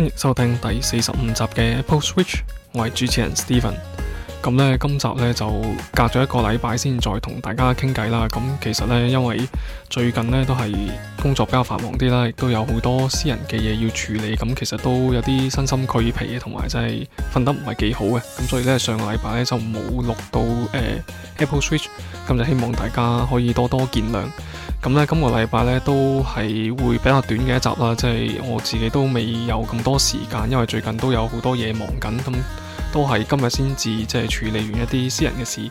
歡迎收聽第四十五集嘅 Apple Switch，我係主持人 Steven。咁呢，今集呢就隔咗一個禮拜先再同大家傾偈啦。咁其實呢，因為最近呢都係工作比較繁忙啲啦，亦都有好多私人嘅嘢要處理，咁其實都有啲身心俱疲同埋真係瞓得唔係幾好嘅。咁所以呢，上個禮拜呢就冇錄到、呃、Apple Switch，咁就希望大家可以多多見諒。咁咧，今個禮拜咧都係會比較短嘅一集啦，即係我自己都未有咁多時間，因為最近都有好多嘢忙緊，咁、嗯、都係今日先至即係處理完一啲私人嘅事，咁、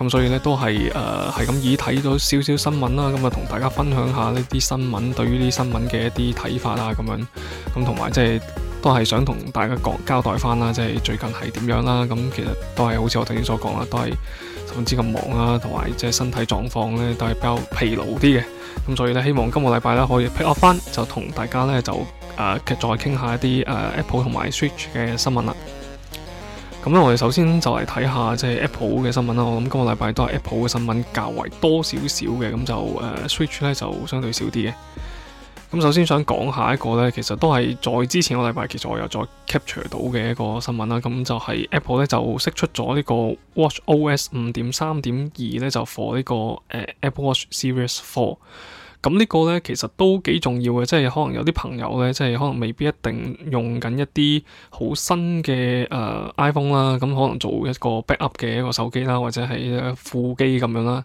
嗯、所以咧都係誒係咁以睇咗少少新聞啦，咁啊同大家分享下呢啲新聞對於呢啲新聞嘅一啲睇法啦，咁樣，咁同埋即係都係想同大家講交代翻啦，即係最近係點樣啦，咁、嗯、其實都係好似我頭先所講啦，都係。甚至咁忙啊，同埋即係身體狀況咧都係比較疲勞啲嘅，咁所以咧希望今個禮拜咧可以 pick up 翻，就同大家咧就誒再傾下一啲誒、呃、Apple 同埋 Switch 嘅新聞啦。咁咧我哋首先就嚟睇下即係 Apple 嘅新聞啦。我諗今個禮拜都係 Apple 嘅新聞較為多少少嘅，咁就誒、呃、Switch 咧就相對少啲嘅。咁首先想講下一個咧，其實都係在之前個禮拜其實我有再 capture 到嘅一個新聞啦。咁就係 Apple 咧就釋出咗呢個 Watch OS 五點三點二咧，就 for 呢、呢個誒、uh, Apple Watch Series Four。咁呢個咧其實都幾重要嘅，即係可能有啲朋友咧，即係可能未必一定用緊一啲好新嘅誒、uh, iPhone 啦。咁可能做一個 backup 嘅一個手機啦，或者係副機咁樣啦。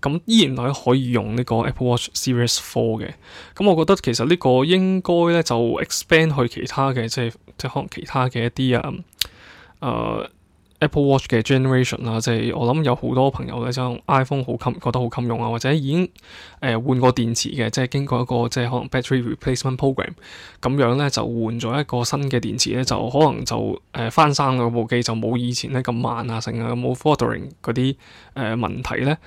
咁依然嚟可以用呢個 Apple Watch Series Four 嘅，咁我覺得其實呢個應該咧就 expand 去其他嘅，即係即係可能其他嘅一啲啊，誒、嗯呃、Apple Watch 嘅 generation 啊。即係我諗有好多朋友咧將 iPhone 好襟覺得好襟用啊，或者已經誒、呃、換過電池嘅，即係經過一個即係可能 battery replacement program 咁樣咧就換咗一個新嘅電池咧，就可能就誒、呃、翻生咗部機就冇以前咧咁慢啊，成日冇 faltering 嗰啲誒、呃、問題咧。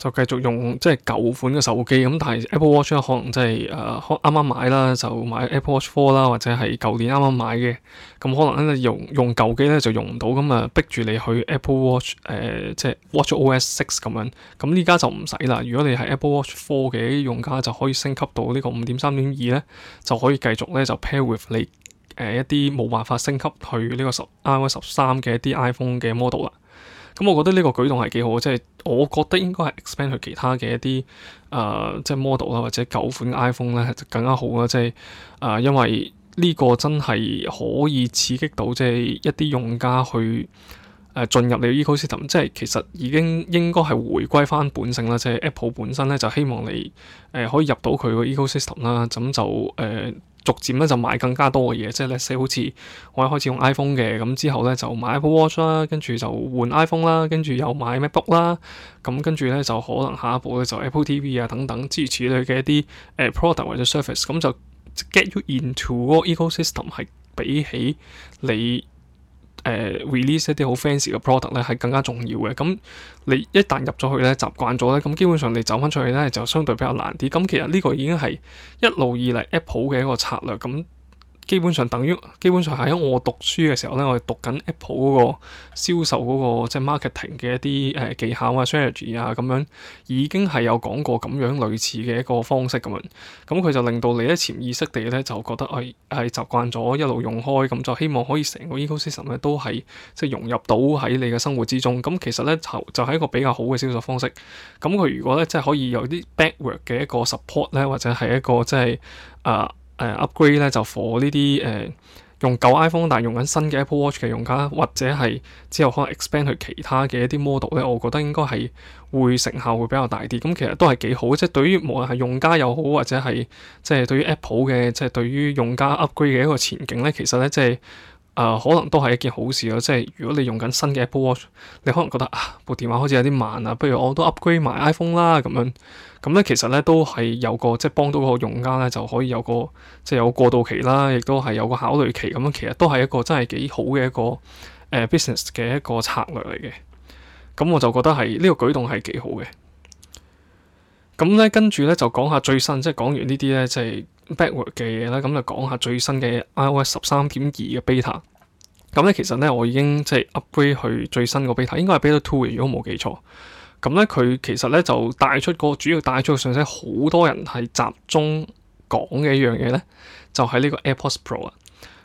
就繼續用即係舊款嘅手機咁，但係 Apple Watch 可能即係誒啱啱買啦，就買 Apple Watch Four 啦，或者係舊年啱啱買嘅，咁、嗯、可能咧用用舊機咧就用唔到，咁、嗯、啊逼住你去 Apple Watch 誒、呃、即係 Watch OS Six 咁樣，咁依家就唔使啦。如果你係 Apple Watch Four 嘅用家，就可以升級到個呢個五點三點二咧，就可以繼續咧就 pair with 你誒、呃、一啲冇辦法升級去呢個 iOS 十三嘅一啲 iPhone 嘅 model 啦。咁、嗯、我覺得呢個舉動係幾好，即係我覺得應該係 expand 去其他嘅一啲誒、呃，即係 model 啦，或者舊款 iPhone 咧就更加好啦，即係誒、呃，因為呢個真係可以刺激到即係一啲用家去誒、呃、進入你嘅 ecosystem，即係其實已經應該係回歸返本性啦，即係 Apple 本身咧就希望你誒、呃、可以入到佢個 ecosystem 啦，咁就誒。呃逐漸咧就買更加多嘅嘢，即係例如好似我一開始用 iPhone 嘅，咁之後咧就買 Apple Watch 啦，跟住就換 iPhone 啦，跟住又買 MacBook 啦，咁跟住咧就可能下一步咧就 Apple TV 啊等等諸如此類嘅一啲誒 product 或者 service，咁就 get you into 個 Ecosystem 係比起你。誒、uh, release 一啲好 fancy 嘅 product 咧，係更加重要嘅。咁你一旦入咗去咧，習慣咗咧，咁基本上你走返出去咧，就相對比較難啲。咁其實呢個已經係一路以嚟 Apple 嘅一個策略咁。基本上等於，基本上喺我讀書嘅時候呢，我哋讀緊 Apple 嗰個銷售嗰、嗰個即係 marketing 嘅一啲、呃、技巧啊 strategy 啊咁樣，已經係有講過咁樣類似嘅一個方式咁樣。咁佢就令到你呢潛意識地呢，就覺得係係、哎、習慣咗一路用開，咁就希望可以成個 ecosystem 呢都係即係融入到喺你嘅生活之中。咁其實呢，就就係、係一個比較好嘅銷售方式。咁佢如果呢，即係可以有啲 backward 嘅一個 support 呢，或者係一個即係啊～、呃誒、uh, upgrade 咧就 for 呢啲誒用舊 iPhone 但係用緊新嘅 Apple Watch 嘅用家，或者係之後可能 expand 去其他嘅一啲 model 咧，我覺得應該係會成效會比較大啲。咁、嗯、其實都係幾好，即、就、係、是、對於無論係用家又好，或者係即係對於 Apple 嘅，即、就、係、是、對於用家 upgrade 嘅一個前景咧，其實咧即係。就是呃、可能都係一件好事咯。即係如果你用緊新嘅 Apple Watch，你可能覺得啊部電話好似有啲慢啊，不如我都 upgrade 埋 iPhone 啦咁樣咁咧。其實咧都係有個即係幫到個用家咧，就可以有個即係有個過渡期啦，亦都係有個考慮期咁樣。其實都係一個真係幾好嘅一個誒、呃、business 嘅一個策略嚟嘅。咁我就覺得係呢、這個舉動係幾好嘅。咁咧跟住咧就講下最新，即係講完呢啲咧即係 backward 嘅嘢啦。咁就講、是、下最新嘅 iOS 十三點二嘅 beta。啊咁咧其實咧，我已經即係 upgrade 去最新個 beta，應該係 beta two 嘅，如果冇記錯。咁咧佢其實咧就帶出個主要帶出個信息，好多人係集中講嘅一樣嘢咧，就係呢個 AirPods Pro 啊。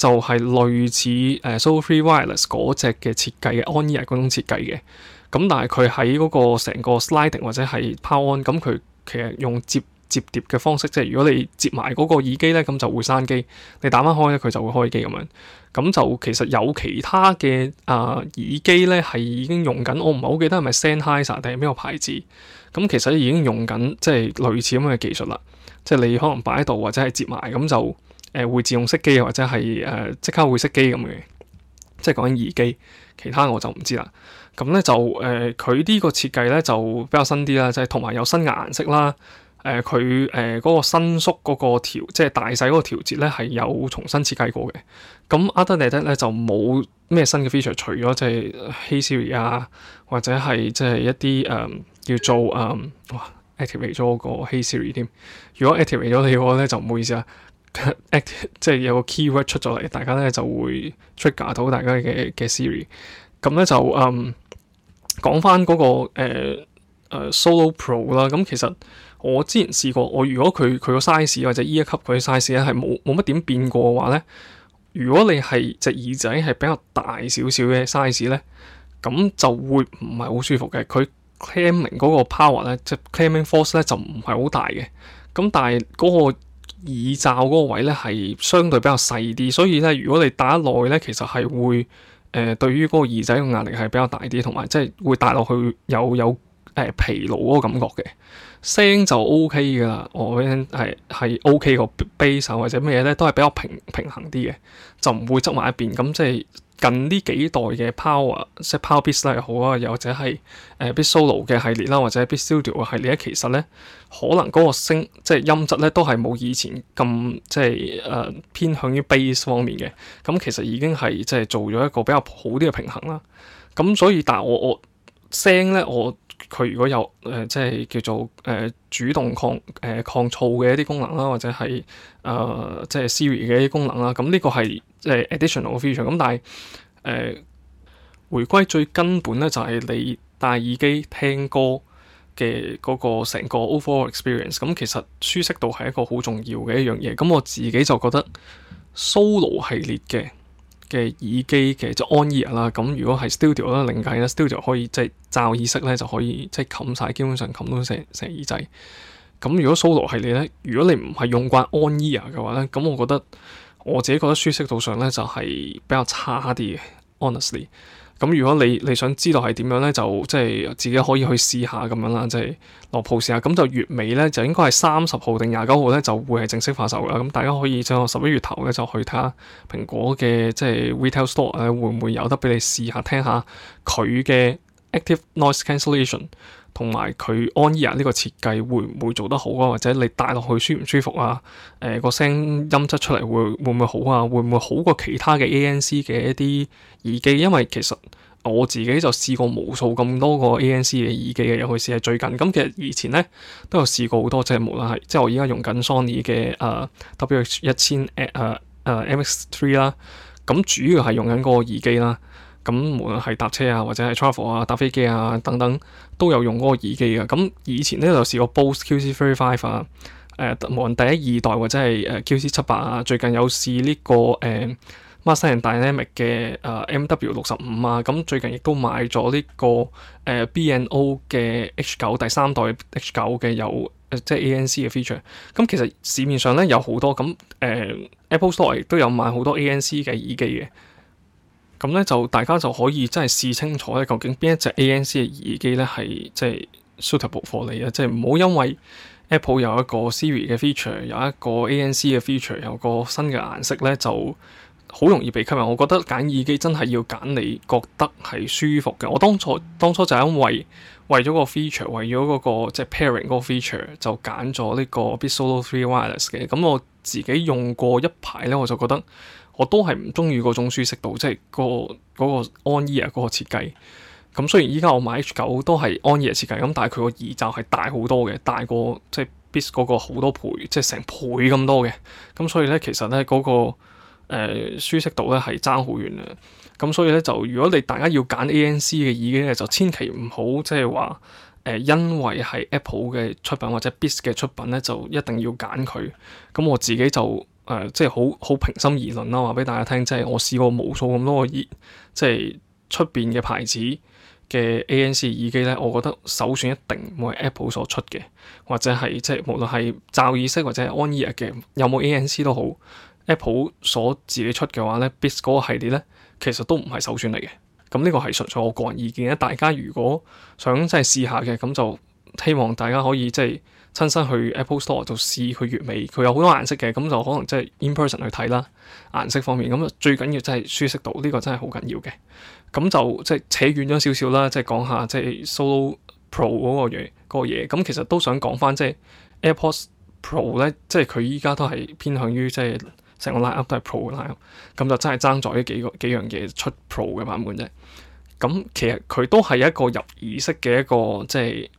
就係類似誒 Solo 3 Wireless 嗰隻嘅設計嘅 on ear 嗰種設計嘅，咁但係佢喺嗰個成個 sliding 或者係 power on，咁佢其實用摺摺疊嘅方式，即係如果你接埋嗰個耳機咧，咁就會閂機；你打翻開咧，佢就會開機咁樣。咁就其實有其他嘅啊、呃、耳機咧，係已經用緊，我唔係好記得係咪 Sennheiser 定係咩個牌子？咁其實已經用緊，即係類似咁嘅技術啦。即係你可能擺喺度或者係接埋，咁就。誒、呃、會自動熄機，或者係誒即刻會熄機咁嘅，即係講緊耳機。其他我就唔知啦。咁咧就誒佢呢個設計咧就比較新啲啦、就是呃呃那個，即係同埋有新嘅顏色啦。誒佢誒嗰個伸縮嗰個調，即係大細嗰個調節咧係有重新設計過嘅。咁 other than that 咧就冇咩新嘅 feature，除咗即係 Hey Siri 啊，或者係即係一啲誒叫做誒、呃、哇 Activate 咗個 Hey Siri 添、啊。如果 Activate 咗你我咧就唔好意思啊。 即係有個 keyword 出咗嚟，大家咧就會 trigger 到大家嘅嘅 Siri。咁咧、嗯、就嗯講翻嗰個誒誒、呃呃、Solo Pro 啦。咁、嗯、其實我之前試過，我如果佢佢個 size 或者 ear cup 佢 size 咧係冇冇乜點變過嘅話咧，如果你係隻耳仔係比較大少少嘅 size 咧，咁、嗯、就會唔係好舒服嘅。佢 clamping 嗰個 power 咧，即、就、係、是、clamping force 咧就唔係好大嘅。咁、嗯、但係嗰、那個耳罩嗰個位咧係相對比較細啲，所以咧如果你戴得耐咧，其實係會誒、呃、對於嗰個耳仔嘅壓力係比較大啲，同埋即係會戴落去有有誒、呃、疲勞嗰個感覺嘅。聲就 OK 噶啦，我係係 OK 個悲 a 或者咩嘢咧，都係比較平平衡啲嘅，就唔會側埋一邊咁、嗯、即係。近呢幾代嘅 Power 即係 Power Beats 又好啊，又或者係誒 Beats Solo 嘅系列啦，或者 Beats Studio 嘅系列咧，其實咧可能嗰個聲即係音質咧都係冇以前咁即係誒、呃、偏向於 Bass 方面嘅。咁、嗯、其實已經係即係做咗一個比較好啲嘅平衡啦。咁、嗯、所以但係我我聲咧我佢如果有誒、呃、即係叫做誒、呃、主動抗誒抗噪嘅一啲功能啦，或者係誒、呃、即係 Siri 嘅一啲功能啦，咁、嗯、呢、這個係。誒 additional feature 咁，但係誒回歸最根本咧，就係、是、你戴耳機聽歌嘅嗰個成個 overall experience、嗯。咁其實舒適度係一個好重要嘅一樣嘢。咁、嗯、我自己就覺得 Solo 系列嘅嘅耳機嘅，即係安耳啦。咁、嗯、如果係 studio 啦，另計啦，studio 可以即係、就是、罩耳式咧，就可以即係冚晒，基本上冚到成成耳仔。咁、嗯、如果 Solo 系列咧，如果你唔係用慣 on ear 嘅話咧，咁、嗯、我覺得。我自己覺得舒適度上咧就係比較差啲嘅，honestly。咁如果你你想知道係點樣咧，就即係自己可以去試下咁樣啦，即係落鋪試下。咁就月尾咧就應該係三十號定廿九號咧就會係正式發售啦。咁大家可以喺十一月頭咧就去睇下蘋果嘅即係 retail store 誒會唔會有得俾你試下聽下佢嘅 active noise cancellation。同埋佢 on-ear 啊！呢個設計會唔會做得好啊？或者你戴落去舒唔舒服啊？誒、呃、個聲音質出嚟會會唔會好啊？會唔會好過其他嘅 ANC 嘅一啲耳機？因為其實我自己就試過無數咁多個 ANC 嘅耳機嘅、啊，尤其是係最近。咁其實以前咧都有試過好多隻，即係無論係即係我而家用緊 Sony 嘅誒、uh, WH 一千誒誒 MX Three 啦。咁主要係用緊嗰個耳機啦。咁無論係搭車啊，或者係 travel 啊，搭飛機啊等等，都有用嗰個耳機嘅。咁以前呢，就試過 BOSE QC35 啊，誒、呃、無論第一二代或者係誒 QC 七百啊，最近有試呢、這個誒、呃、Master & Dynamic 嘅誒 MW 六十五啊。咁、嗯、最近亦都買咗呢、這個誒、呃、B&O 嘅 H 九第三代 H 九嘅有即係、呃就是、ANC 嘅 feature。咁其實市面上呢，有好多，咁誒、呃、Apple Store 亦都有賣好多 ANC 嘅耳機嘅。咁咧就大家就可以真係試清楚咧，究竟邊一隻 ANC 嘅耳機咧，係即係 suitable for 你啊！即係唔好因為 Apple 有一個 Siri 嘅 feature，有一個 ANC 嘅 feature，有個新嘅顏色咧，就好容易被吸引。我覺得揀耳機真係要揀你覺得係舒服嘅。我當初當初就因為為咗個 feature，為咗嗰、那個即係、就是、pairing 嗰 fe 個 feature，就揀咗呢個 b i s o l o free Wireless 嘅。咁我自己用過一排咧，我就覺得。我都係唔中意嗰種舒適度，即係嗰、那個嗰、那個安逸啊嗰個設計。咁雖然依家我買 H 九都係安逸設計，咁但係佢個耳罩係大好多嘅，大過即係 b i s e 嗰個好多倍，即係成倍咁多嘅。咁所以咧，其實咧嗰、那個、呃、舒適度咧係爭好遠啊。咁所以咧，就如果你大家要揀 ANC 嘅耳機咧，就千祈唔好即係話誒，因為係 Apple 嘅出品或者 b i s 嘅出品咧，就一定要揀佢。咁我自己就。誒、呃，即係好好平心而論啦，話俾大家聽，即係我試過無數咁多個耳，即係出邊嘅牌子嘅 ANC 耳機咧，我覺得首選一定唔會係 Apple 所出嘅，或者係即係無論係罩耳式或者係 on-ear 嘅，有冇 ANC 都好，Apple 所自己出嘅話咧，Beats 嗰個系列咧，其實都唔係首選嚟嘅。咁呢個係純粹我個人意見啦。大家如果想即係試下嘅，咁就希望大家可以即係。親身去 Apple Store 就試佢月尾，佢有好多顏色嘅，咁就可能即係 in person 去睇啦。顏色方面，咁最緊要真係舒適度，呢、這個真係好緊要嘅。咁就即係、就是、扯遠咗少少啦，即係講下即係、就是、Solo Pro 嗰、那個嘢，嗰、那、嘢、個。咁其實都想講翻即係、就是、AirPods Pro 咧，即係佢依家都係偏向於即係成個 line up 都係 Pro line up。咁就真係爭咗呢幾個幾樣嘢出 Pro 嘅版本啫。咁其實佢都係一個入耳式嘅一個即係。就是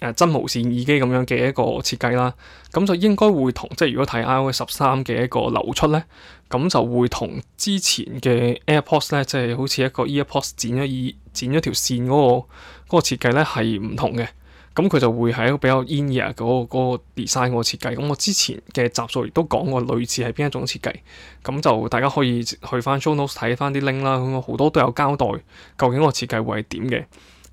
誒真無線耳機咁樣嘅一個設計啦，咁就應該會同即係如果睇 iOS 十三嘅一個流出咧，咁就會同之前嘅 AirPods 咧，即係好似一個 AirPods 剪咗剪咗條線嗰、那個嗰、那個設計咧係唔同嘅，咁佢就會係一個比較 in-ear 嗰、那個 design、那個設計,設計。咁我之前嘅集數亦都講過類似係邊一種設計，咁就大家可以去翻 show notes 睇翻啲 link 啦，咁我好多都有交代究竟個設計會係點嘅。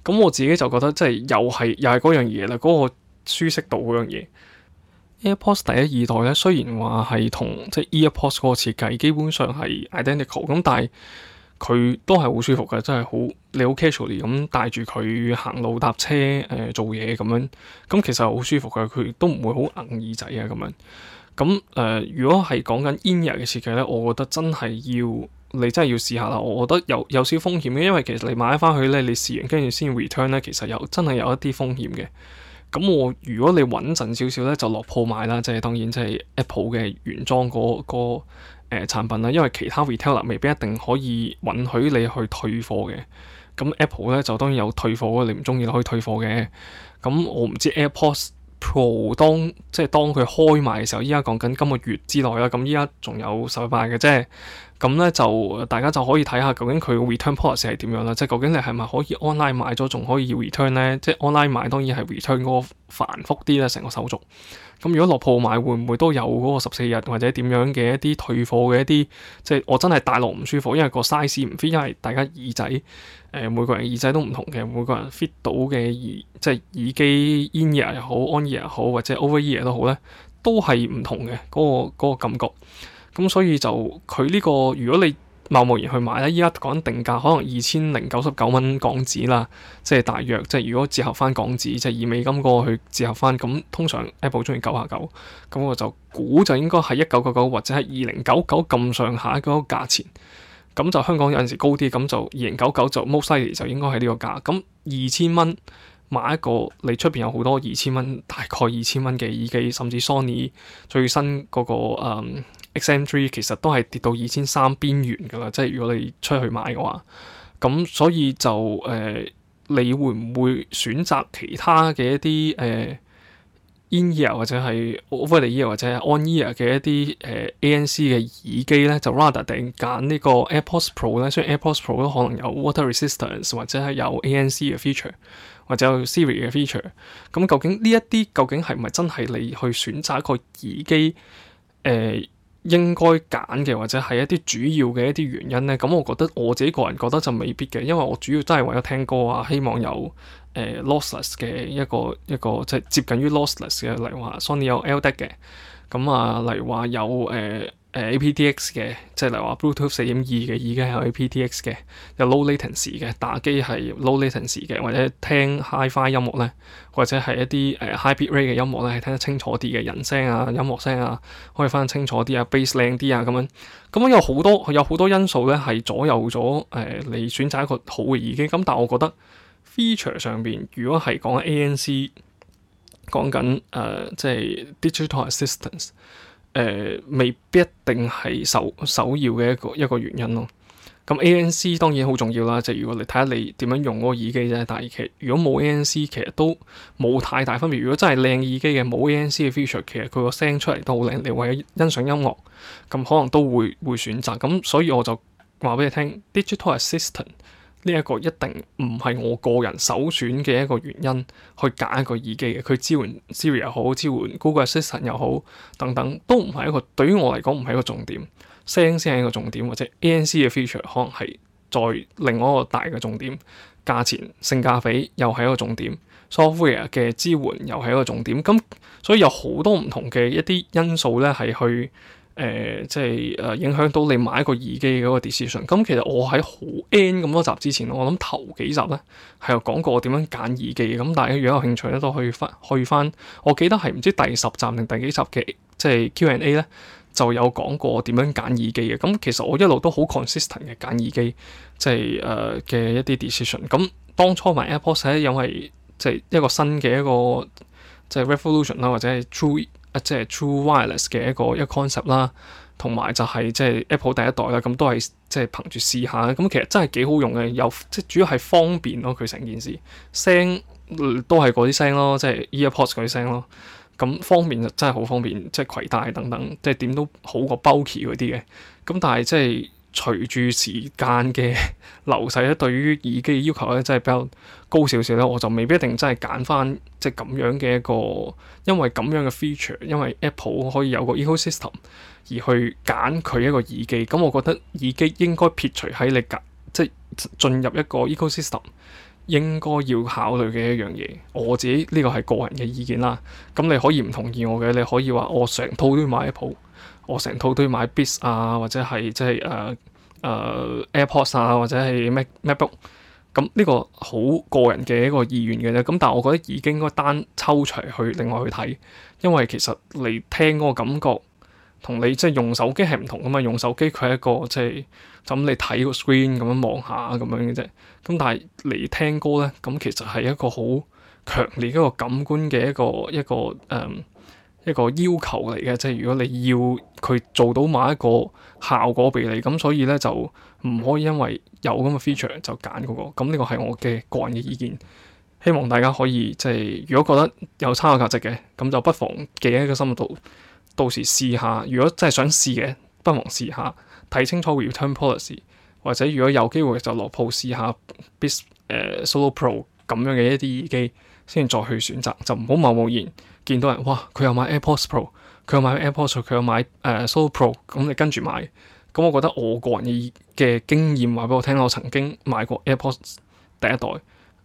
咁我自己就覺得即係又係又係嗰樣嘢啦，嗰、那個舒適度嗰樣嘢。AirPods 第一二代咧，雖然話係同即係、就是、AirPods 個設計基本上係 identical，咁但係佢都係好舒服嘅，真係好你好 casually 咁帶住佢行路搭車誒、呃、做嘢咁樣，咁其實好舒服嘅，佢都唔會好硬耳仔啊咁樣。咁誒、呃，如果係講緊 in-ear 嘅設計咧，我覺得真係要。你真係要試下啦，我覺得有有少風險嘅，因為其實你買翻去咧，你試完跟住先 return 咧，其實有真係有一啲風險嘅。咁我如果你穩陣少少咧，就落鋪買啦，即係當然即係 Apple 嘅原裝嗰、嗰個誒、嗰個呃、產品啦，因為其他 retailer 未必一定可以允許你去退貨嘅。咁 Apple 咧就當然有退貨，你唔中意可以退貨嘅。咁我唔知 AirPods。當即係當佢開賣嘅時候，依家講緊今個月之內啦。咁依家仲有十日嘅啫。咁咧就大家就可以睇下究竟佢 return policy 係點樣啦。即係究竟你係咪可以 online 買咗仲可以 return 呢？即係 online 買當然係 return 嗰個繁複啲啦，成個手續。咁如果落鋪買會唔會都有嗰個十四日或者點樣嘅一啲退貨嘅一啲？即係我真係戴落唔舒服，因為個 size 唔 fit，因為大家耳仔，誒，每個人耳仔都唔同嘅，每個人 fit 到嘅耳，即係耳機 in ear 又好，on ear 又好，或者 overear 都好咧，都係唔同嘅嗰個嗰個感覺。咁所以就佢呢個，如果你貿貿然去買咧，依家講定價可能二千零九十九蚊港紙啦，即係大約，即係如果折合返港紙，即係以美金嗰個去折合返，咁通常 Apple 中意九下九，咁我就估就應該係一九九九或者係二零九九咁上下嗰個價錢，咁就香港有陣時高啲，咁就二零九九就 most likely，就應該係呢個價，咁二千蚊買一個，你出邊有好多二千蚊，大概二千蚊嘅耳機，甚至 Sony 最新嗰個，um, X M Three 其實都係跌到二千三邊緣㗎啦，即係如果你出去買嘅話，咁所以就誒、呃，你會唔會選擇其他嘅一啲誒、呃、In Ear 或者係 Over Ear 或者係 On Ear 嘅一啲誒、呃、ANC 嘅耳機咧？就 rather 定揀呢個 AirPods Pro 咧？雖然 AirPods Pro 都可能有 water resistance 或者係有 ANC 嘅 feature，或者有 Siri 嘅 feature。咁究竟呢一啲究竟係咪真係你去選擇一個耳機誒？呃應該揀嘅或者係一啲主要嘅一啲原因呢。咁我覺得我自己個人覺得就未必嘅，因為我主要真係為咗聽歌啊，希望有誒、呃、lossless 嘅一個一個即係接近於 lossless 嘅，例如話 Sony 有 LDAC 嘅，咁啊例如話有誒。呃誒 aptX 嘅，即係例如話 Bluetooth 四點二嘅，已經係 aptX 嘅，有 low latency 嘅，打機係 low latency 嘅，或者聽 HiFi 音樂咧，或者係一啲誒 high bit rate 嘅音樂咧，係聽得清楚啲嘅人聲啊、音樂聲啊，可以翻得清楚啲啊、bass 靚啲啊咁樣。咁因為好多有好多因素咧，係左右咗誒你選擇一個好嘅耳機。咁但係我覺得 feature 上邊，如果係講 ANC，講緊誒即係 digital assistance。誒、呃、未必一定係首首要嘅一個一個原因咯。咁 ANC 當然好重要啦，即係、如果你睇下你點樣用嗰個耳機嘅，但係其實如果冇 ANC，其實都冇太大分別。如果真係靚耳機嘅冇 ANC 嘅 feature，其實佢個聲出嚟都好靚。你為咗欣賞音樂，咁可能都會會選擇。咁所以我就話俾你聽，digital assistant。呢一個一定唔係我個人首選嘅一個原因去揀一個耳機嘅，佢支援 Siri 又好，支援 Google Assistant 又好，等等都唔係一個對於我嚟講唔係一個重點。聲先係一個重點，或者 ANC 嘅 feature 可能係再另外一個大嘅重點。價錢性價比又係一個重點，software 嘅支援又係一個重點。咁所以有好多唔同嘅一啲因素咧係去。誒、呃、即係誒、呃、影響到你買一個耳機嗰個 decision。咁、嗯、其實我喺好 n 咁多集之前，我諗頭幾集咧係有講過點樣揀耳機嘅。咁大家如果有興趣咧，都可以翻去翻。我記得係唔知第十集定第幾集嘅即係 Q&A 咧，就有講過點樣揀耳機嘅。咁、嗯、其實我一路都好 consistent 嘅揀耳機，即係誒嘅一啲 decision。咁、嗯、當初買 AirPods 咧，因為即係一個新嘅一個即係 revolution 啦，或者係啊、即係 True Wireless 嘅一個一 concept 啦，同埋就係、是、即係 Apple 第一代啦，咁都係即係憑住試下，咁其實真係幾好用嘅，又即係主要係方便咯，佢成件事聲、呃、都係嗰啲聲咯，即係、e、EarPods 嗰啲聲咯，咁方便就真係好方便，即係攜帶等等，即係點都好過 bulky 嗰啲嘅。咁但係即係隨住時間嘅流逝咧，對於耳機嘅要求咧，真係比較高少少咧，我就未必一定真係揀翻即係咁樣嘅一個，因為咁樣嘅 feature，因為 Apple 可以有個 ecosystem 而去揀佢一個耳機。咁、嗯、我覺得耳機應該撇除喺你揀，即係進入一個 ecosystem 應該要考慮嘅一樣嘢。我自己呢個係個人嘅意見啦。咁你可以唔同意我嘅，你可以話我成套都要買 Apple，我成套都要買 Beats 啊，或者係即係誒誒、uh, uh, AirPods 啊，或者係 Mac MacBook。咁呢個好個人嘅一個意願嘅啫，咁但係我覺得已經應該單抽除去另外去睇，因為其實嚟聽嗰個感覺同你即係用手機係唔同噶嘛，用手機佢係一個即係咁你睇個 screen 咁樣望下咁樣嘅啫，咁但係嚟聽歌咧，咁其實係一個好強烈一個感官嘅一個一個誒、嗯、一個要求嚟嘅，即係如果你要佢做到某一個效果俾你，咁所以咧就。唔可以因為有咁嘅 feature 就揀嗰、那個，咁呢個係我嘅個人嘅意見。希望大家可以即係、就是，如果覺得有參考價值嘅，咁就不妨記喺個心度，到時試下。如果真係想試嘅，不妨試下睇清楚 return policy，或者如果有機會就落鋪試下 Beats、uh, Solo Pro 咁樣嘅一啲耳機，先再去選擇。就唔好貿貿然見到人，哇！佢又買 AirPods Pro，佢又買 AirPods，佢又買誒、uh, Solo Pro，咁你跟住買。咁我覺得我個人嘅嘅經驗話俾我聽，我曾經買過 AirPods 第一代、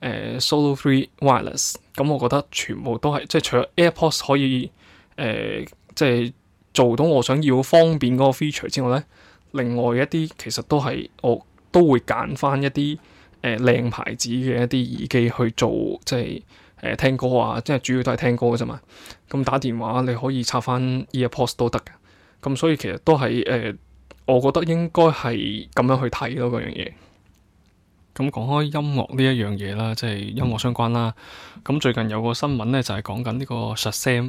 呃、Solo Three Wireless。咁我覺得全部都係即係除咗 AirPods 可以誒，即、呃、係、就係、做到我想要方便嗰個 feature 之外咧，另外一啲其實都係我都會揀翻一啲誒靚牌子嘅一啲耳機去做，即係誒、呃、聽歌啊，即係主要都係聽歌嘅啫嘛。咁打電話你可以插翻 AirPods 都得嘅。咁所以其實都係誒。呃我覺得應該係咁樣去睇咯，嗰樣嘢。咁講開音樂呢一樣嘢啦，即係音樂相關啦。咁最近有個新聞咧，就係講緊呢個 Shazam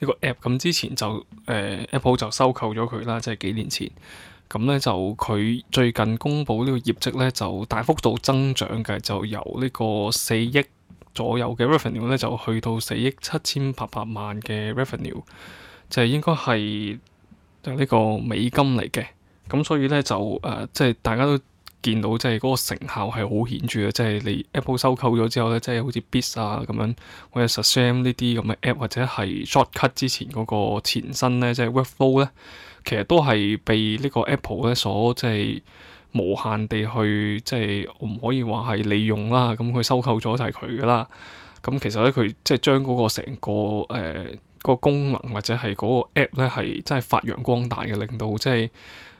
呢個 app。咁之前就誒、呃、Apple 就收購咗佢啦，即係幾年前。咁咧就佢最近公布呢個業績咧，就大幅度增長嘅，就由呢個四億左右嘅 Revenue 咧，就去到四億七千八百萬嘅 Revenue，就係應該係就呢個美金嚟嘅。咁所以咧就誒、呃，即係大家都見到，即係嗰個成效係好顯著嘅，即係你 Apple 收購咗之後咧，即係好似 Beats 啊咁樣，或者 Shazam 呢啲咁嘅 App，或者係 Shortcut 之前嗰個前身咧，即係 Workflow 咧，其實都係被呢個 Apple 咧所即係無限地去即係，唔可以話係利用啦。咁佢收購咗就係佢噶啦。咁其實咧佢即係將嗰個成個誒，呃.個功能或者係嗰個 app 咧係真係發揚光大嘅，令到即係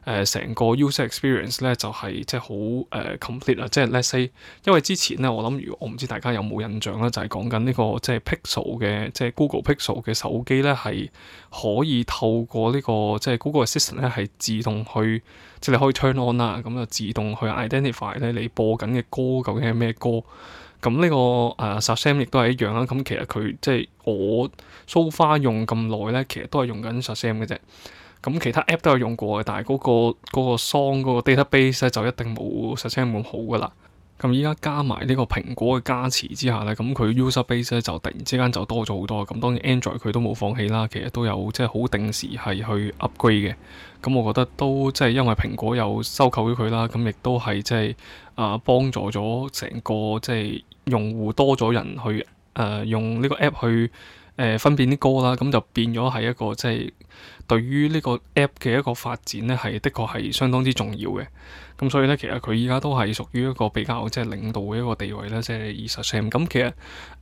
誒成個 user experience 咧就係即係好誒 complete 啊！即係 let's say，因為之前咧我諗，如果我唔知大家有冇印象啦，就係講緊呢個即係 Pixel 嘅即係 Google Pixel 嘅手機咧，係可以透過、這個、呢個即係 Google Assistant 咧係自動去即係你可以 turn on 啦，咁就自動去 identify 咧你播緊嘅歌究竟係咩歌。咁呢個誒實 Sam 亦都係一樣啦。咁其實佢即係我 SoFar 用咁耐咧，其實都係用緊實 Sam 嘅啫。咁其他 app 都有用過嘅，但係嗰、那個嗰、那個倉嗰個 database 就一定冇實 Sam 咁好噶啦。咁依家加埋呢個蘋果嘅加持之下咧，咁佢 user base 咧就突然之間就多咗好多。咁當然 Android 佢都冇放棄啦，其實都有即係好定時係去 upgrade 嘅。咁我覺得都即係因為蘋果有收購咗佢啦，咁亦都係即係啊幫助咗成個即係。用戶多咗人去，誒、呃、用呢個 app 去誒、呃、分辨啲歌啦，咁就變咗係一個即係、就是、對於呢個 app 嘅一個發展呢，係的確係相當之重要嘅。咁所以咧，其實佢依家都係屬於一個比較即係領導嘅一個地位啦。即係 Shazam。咁其實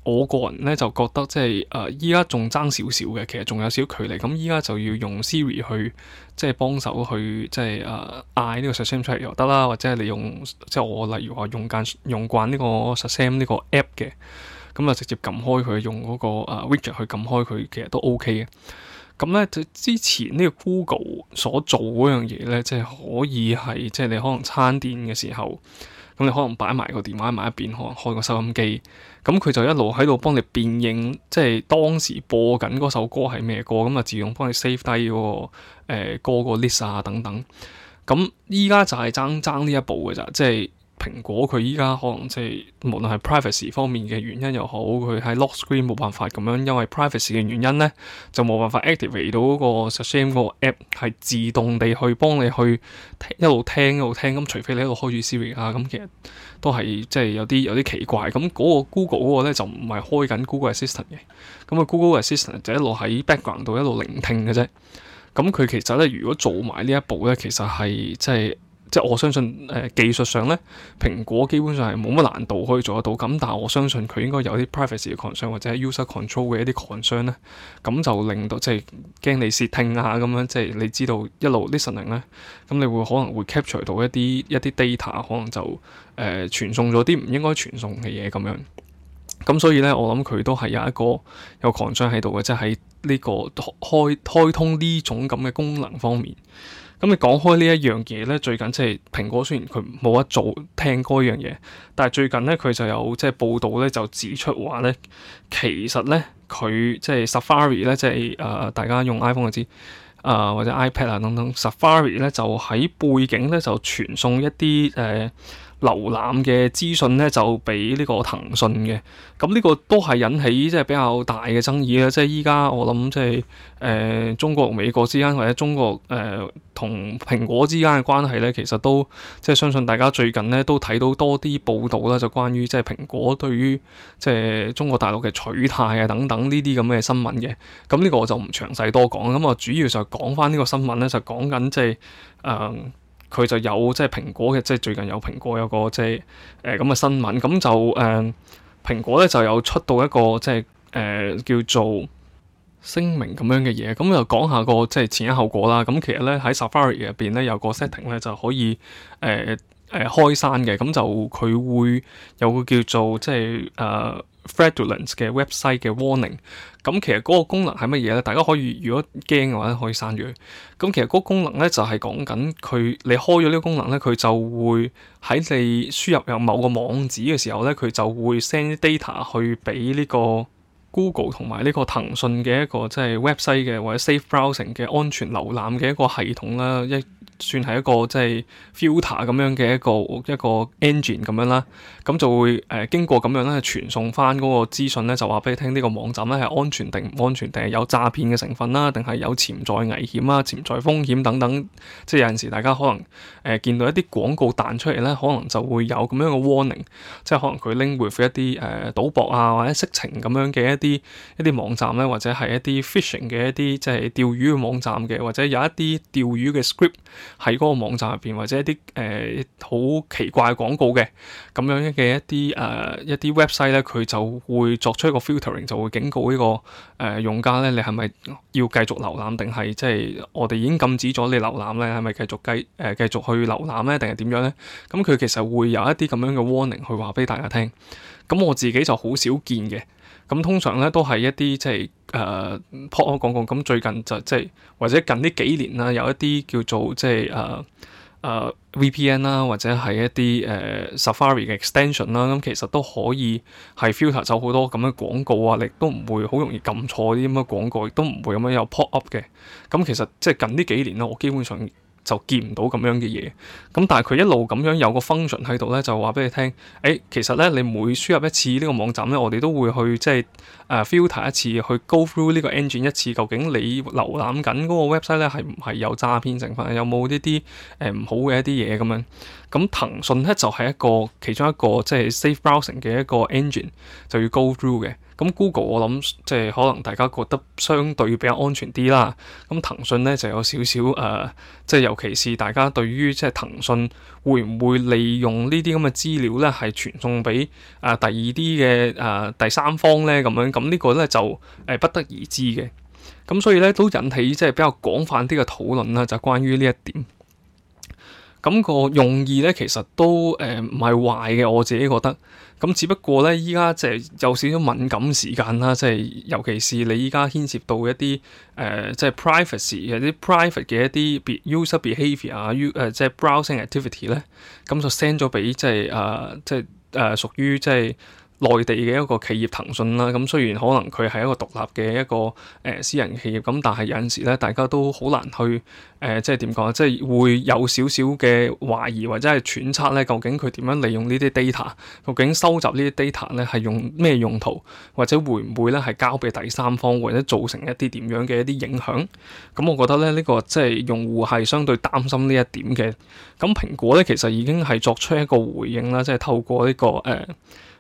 我個人咧就覺得即係誒依家仲爭少少嘅，其實仲有少距離。咁依家就要用 Siri 去即係幫手去即係誒嗌呢個 Shazam 出嚟又得啦，或者係你用即係我例如話用慣用慣呢個 Shazam 呢個 app 嘅，咁啊直接撳開佢，用嗰、嗰個、呃、widget 去撳開佢，其實都 OK 嘅。咁咧，之前呢個 Google 所做嗰樣嘢咧，即係可以係即係你可能餐店嘅時候，咁你可能擺埋個電話喺埋一邊，可能開個收音機，咁佢就一路喺度幫你辨認，即係當時播緊嗰首歌係咩歌，咁啊自動幫你 save 低嗰、嗰個、呃、歌個 list 啊等等，咁依家就係爭爭呢一步嘅咋，即係。蘋果佢依家可能即係無論係 privacy 方面嘅原因又好，佢喺 lock screen 冇辦法咁樣，因為 privacy 嘅原因咧，就冇辦法 activate 到嗰個 assistant 嗰個 app 係自動地去幫你去一路聽一路聽，咁除非你一路開住 Siri 啊，咁其實都係即係有啲有啲奇怪。咁嗰個 Google 嗰個咧就唔係開緊 Google Assistant 嘅，咁啊 Google Assistant 就一路喺 background 度一路聆聽嘅啫。咁佢其實咧，如果做埋呢一步咧，其實係即係。即係我相信誒、呃、技術上咧，蘋果基本上係冇乜難度可以做得到。咁，但我相信佢應該有啲 privacy 嘅 concern 或者 user control 嘅一啲 concern 咧。咁就令到即係驚你竊聽啊咁樣。即係你知道一路 listening 咧，咁你會可能會 capture 到一啲一啲 data，可能就誒、呃、傳送咗啲唔應該傳送嘅嘢咁樣。咁所以咧，我諗佢都係有一個有 concern 喺度嘅，即係喺呢個開開通呢種咁嘅功能方面。咁你、嗯、講開呢一樣嘢咧，最近即係蘋果雖然佢冇得做聽歌一樣嘢，但係最近咧佢就有即係、就是、報道咧就指出話咧，其實咧佢即係 Safari 咧即係誒、呃、大家用 iPhone 就知啊、呃，或者 iPad 啊等等，Safari 咧就喺背景咧就傳送一啲誒。呃瀏覽嘅資訊咧就畀呢個騰訊嘅，咁呢個都係引起即係比較大嘅爭議啦。即係依家我諗即係誒中國同美國之間或者中國誒同、呃、蘋果之間嘅關係咧，其實都即係、就是、相信大家最近咧都睇到多啲報道啦，就關於即係蘋果對於即係中國大陸嘅取態啊等等呢啲咁嘅新聞嘅。咁呢個我就唔詳細多講，咁啊主要就係講返呢個新聞咧，就講緊即係誒。嗯佢就有即係蘋果嘅，即係最近有蘋果有個即係誒咁嘅新聞，咁就誒、呃、蘋果咧就有出到一個即係誒、呃、叫做聲明咁樣嘅嘢，咁就講下個即係前因後果啦。咁其實咧喺 Safari 入邊咧有個 setting 咧就可以誒誒、呃呃、開閂嘅，咁就佢會有個叫做即係誒。呃 fraudulent 嘅 website 嘅 warning，咁其實嗰個功能係乜嘢咧？大家可以如果驚嘅話咧，可以刪咗佢。咁其實嗰個功能咧就係講緊佢，你開咗呢個功能咧，佢就會喺你輸入入某個網址嘅時候咧，佢就會 send data 去俾呢個 Google 同埋呢個騰訊嘅一個即係、就是、website 嘅或者 safe browsing 嘅安全瀏覽嘅一個系統啦，一算係一個即係 filter 咁樣嘅一個一個 engine 咁樣啦，咁就會誒、呃、經過咁樣咧，傳送翻嗰個資訊咧，就話俾你聽呢個網站咧係安全定唔安全，定係有詐騙嘅成分啦、啊，定係有潛在危險啊、潛在風險等等。即係有陣時大家可能誒、呃、見到一啲廣告彈出嚟咧，可能就會有咁樣嘅 warning，即係可能佢拎回覆一啲誒、呃、賭博啊或者色情咁樣嘅一啲一啲網站咧，或者係一啲 fishing 嘅一啲即係釣魚嘅網站嘅，或者有一啲釣魚嘅 script。喺嗰個網站入邊，或者一啲誒好奇怪廣告嘅咁樣嘅一啲誒、呃、一啲 website 咧，佢就會作出一個 filtering，就會警告呢、這個誒、呃、用家咧，你係咪要繼續瀏覽，定係即係我哋已經禁止咗你瀏覽咧，係咪繼續繼誒繼續去瀏覽咧，定係點樣咧？咁、嗯、佢其實會有一啲咁樣嘅 warning 去話俾大家聽。咁、嗯、我自己就好少見嘅。咁通常咧都係一啲即係誒、uh, pop up 廣告，咁最近就即係或者近呢幾年啦，有一啲叫做即係誒誒 VPN 啦，或者係一啲誒、uh, Safari 嘅 extension 啦、啊，咁其實都可以係 filter 走好多咁嘅廣告啊，亦都唔會好容易撳錯啲咁嘅廣告，亦都唔會咁樣有 pop up 嘅。咁其實即係近呢幾年啦，我基本上，就見唔到咁樣嘅嘢，咁但係佢一路咁樣有個 function 喺度咧，就話俾你聽，誒、欸，其實咧你每輸入一次呢個網站咧，我哋都會去即係誒、呃、filter 一次，去 go through 呢個 engine 一次，究竟你瀏覽緊嗰個 website 咧係唔係有詐騙成分，有冇呢啲誒唔好嘅一啲嘢咁樣？咁騰訊咧就係、是、一個其中一個即係 safe browsing 嘅一個 engine，就要 go through 嘅。咁 Google 我諗即係可能大家覺得相對比較安全啲啦，咁騰訊咧就有少少誒、呃，即係尤其是大家對於即係騰訊會唔會利用呢啲咁嘅資料咧，係傳送俾啊、呃、第二啲嘅誒第三方咧咁樣，咁、這個、呢個咧就誒、呃、不得而知嘅，咁所以咧都引起即係比較廣泛啲嘅討論啦，就關於呢一點。咁、那個用意咧其實都誒唔係壞嘅，我自己覺得。咁只不過咧，依家即係有少少敏感時間啦，即係尤其是你依家牽涉到一啲誒，即係 privacy 嘅啲 private 嘅一啲 user behavior 啊，u 誒即係 browsing activity 咧，咁就 send 咗俾即係啊，即係誒屬於即係。就是內地嘅一個企業騰訊啦，咁雖然可能佢係一個獨立嘅一個誒、呃、私人企業，咁但係有陣時咧，大家都好難去誒、呃，即係點講啊？即係會有少少嘅懷疑或者係揣測咧，究竟佢點樣利用呢啲 data，究竟收集呢啲 data 咧係用咩用途，或者會唔會咧係交俾第三方，或者造成一啲點樣嘅一啲影響？咁、嗯、我覺得咧，呢、這個即係用戶係相對擔心呢一點嘅。咁蘋果咧其實已經係作出一個回應啦，即係透過呢、這個誒。呃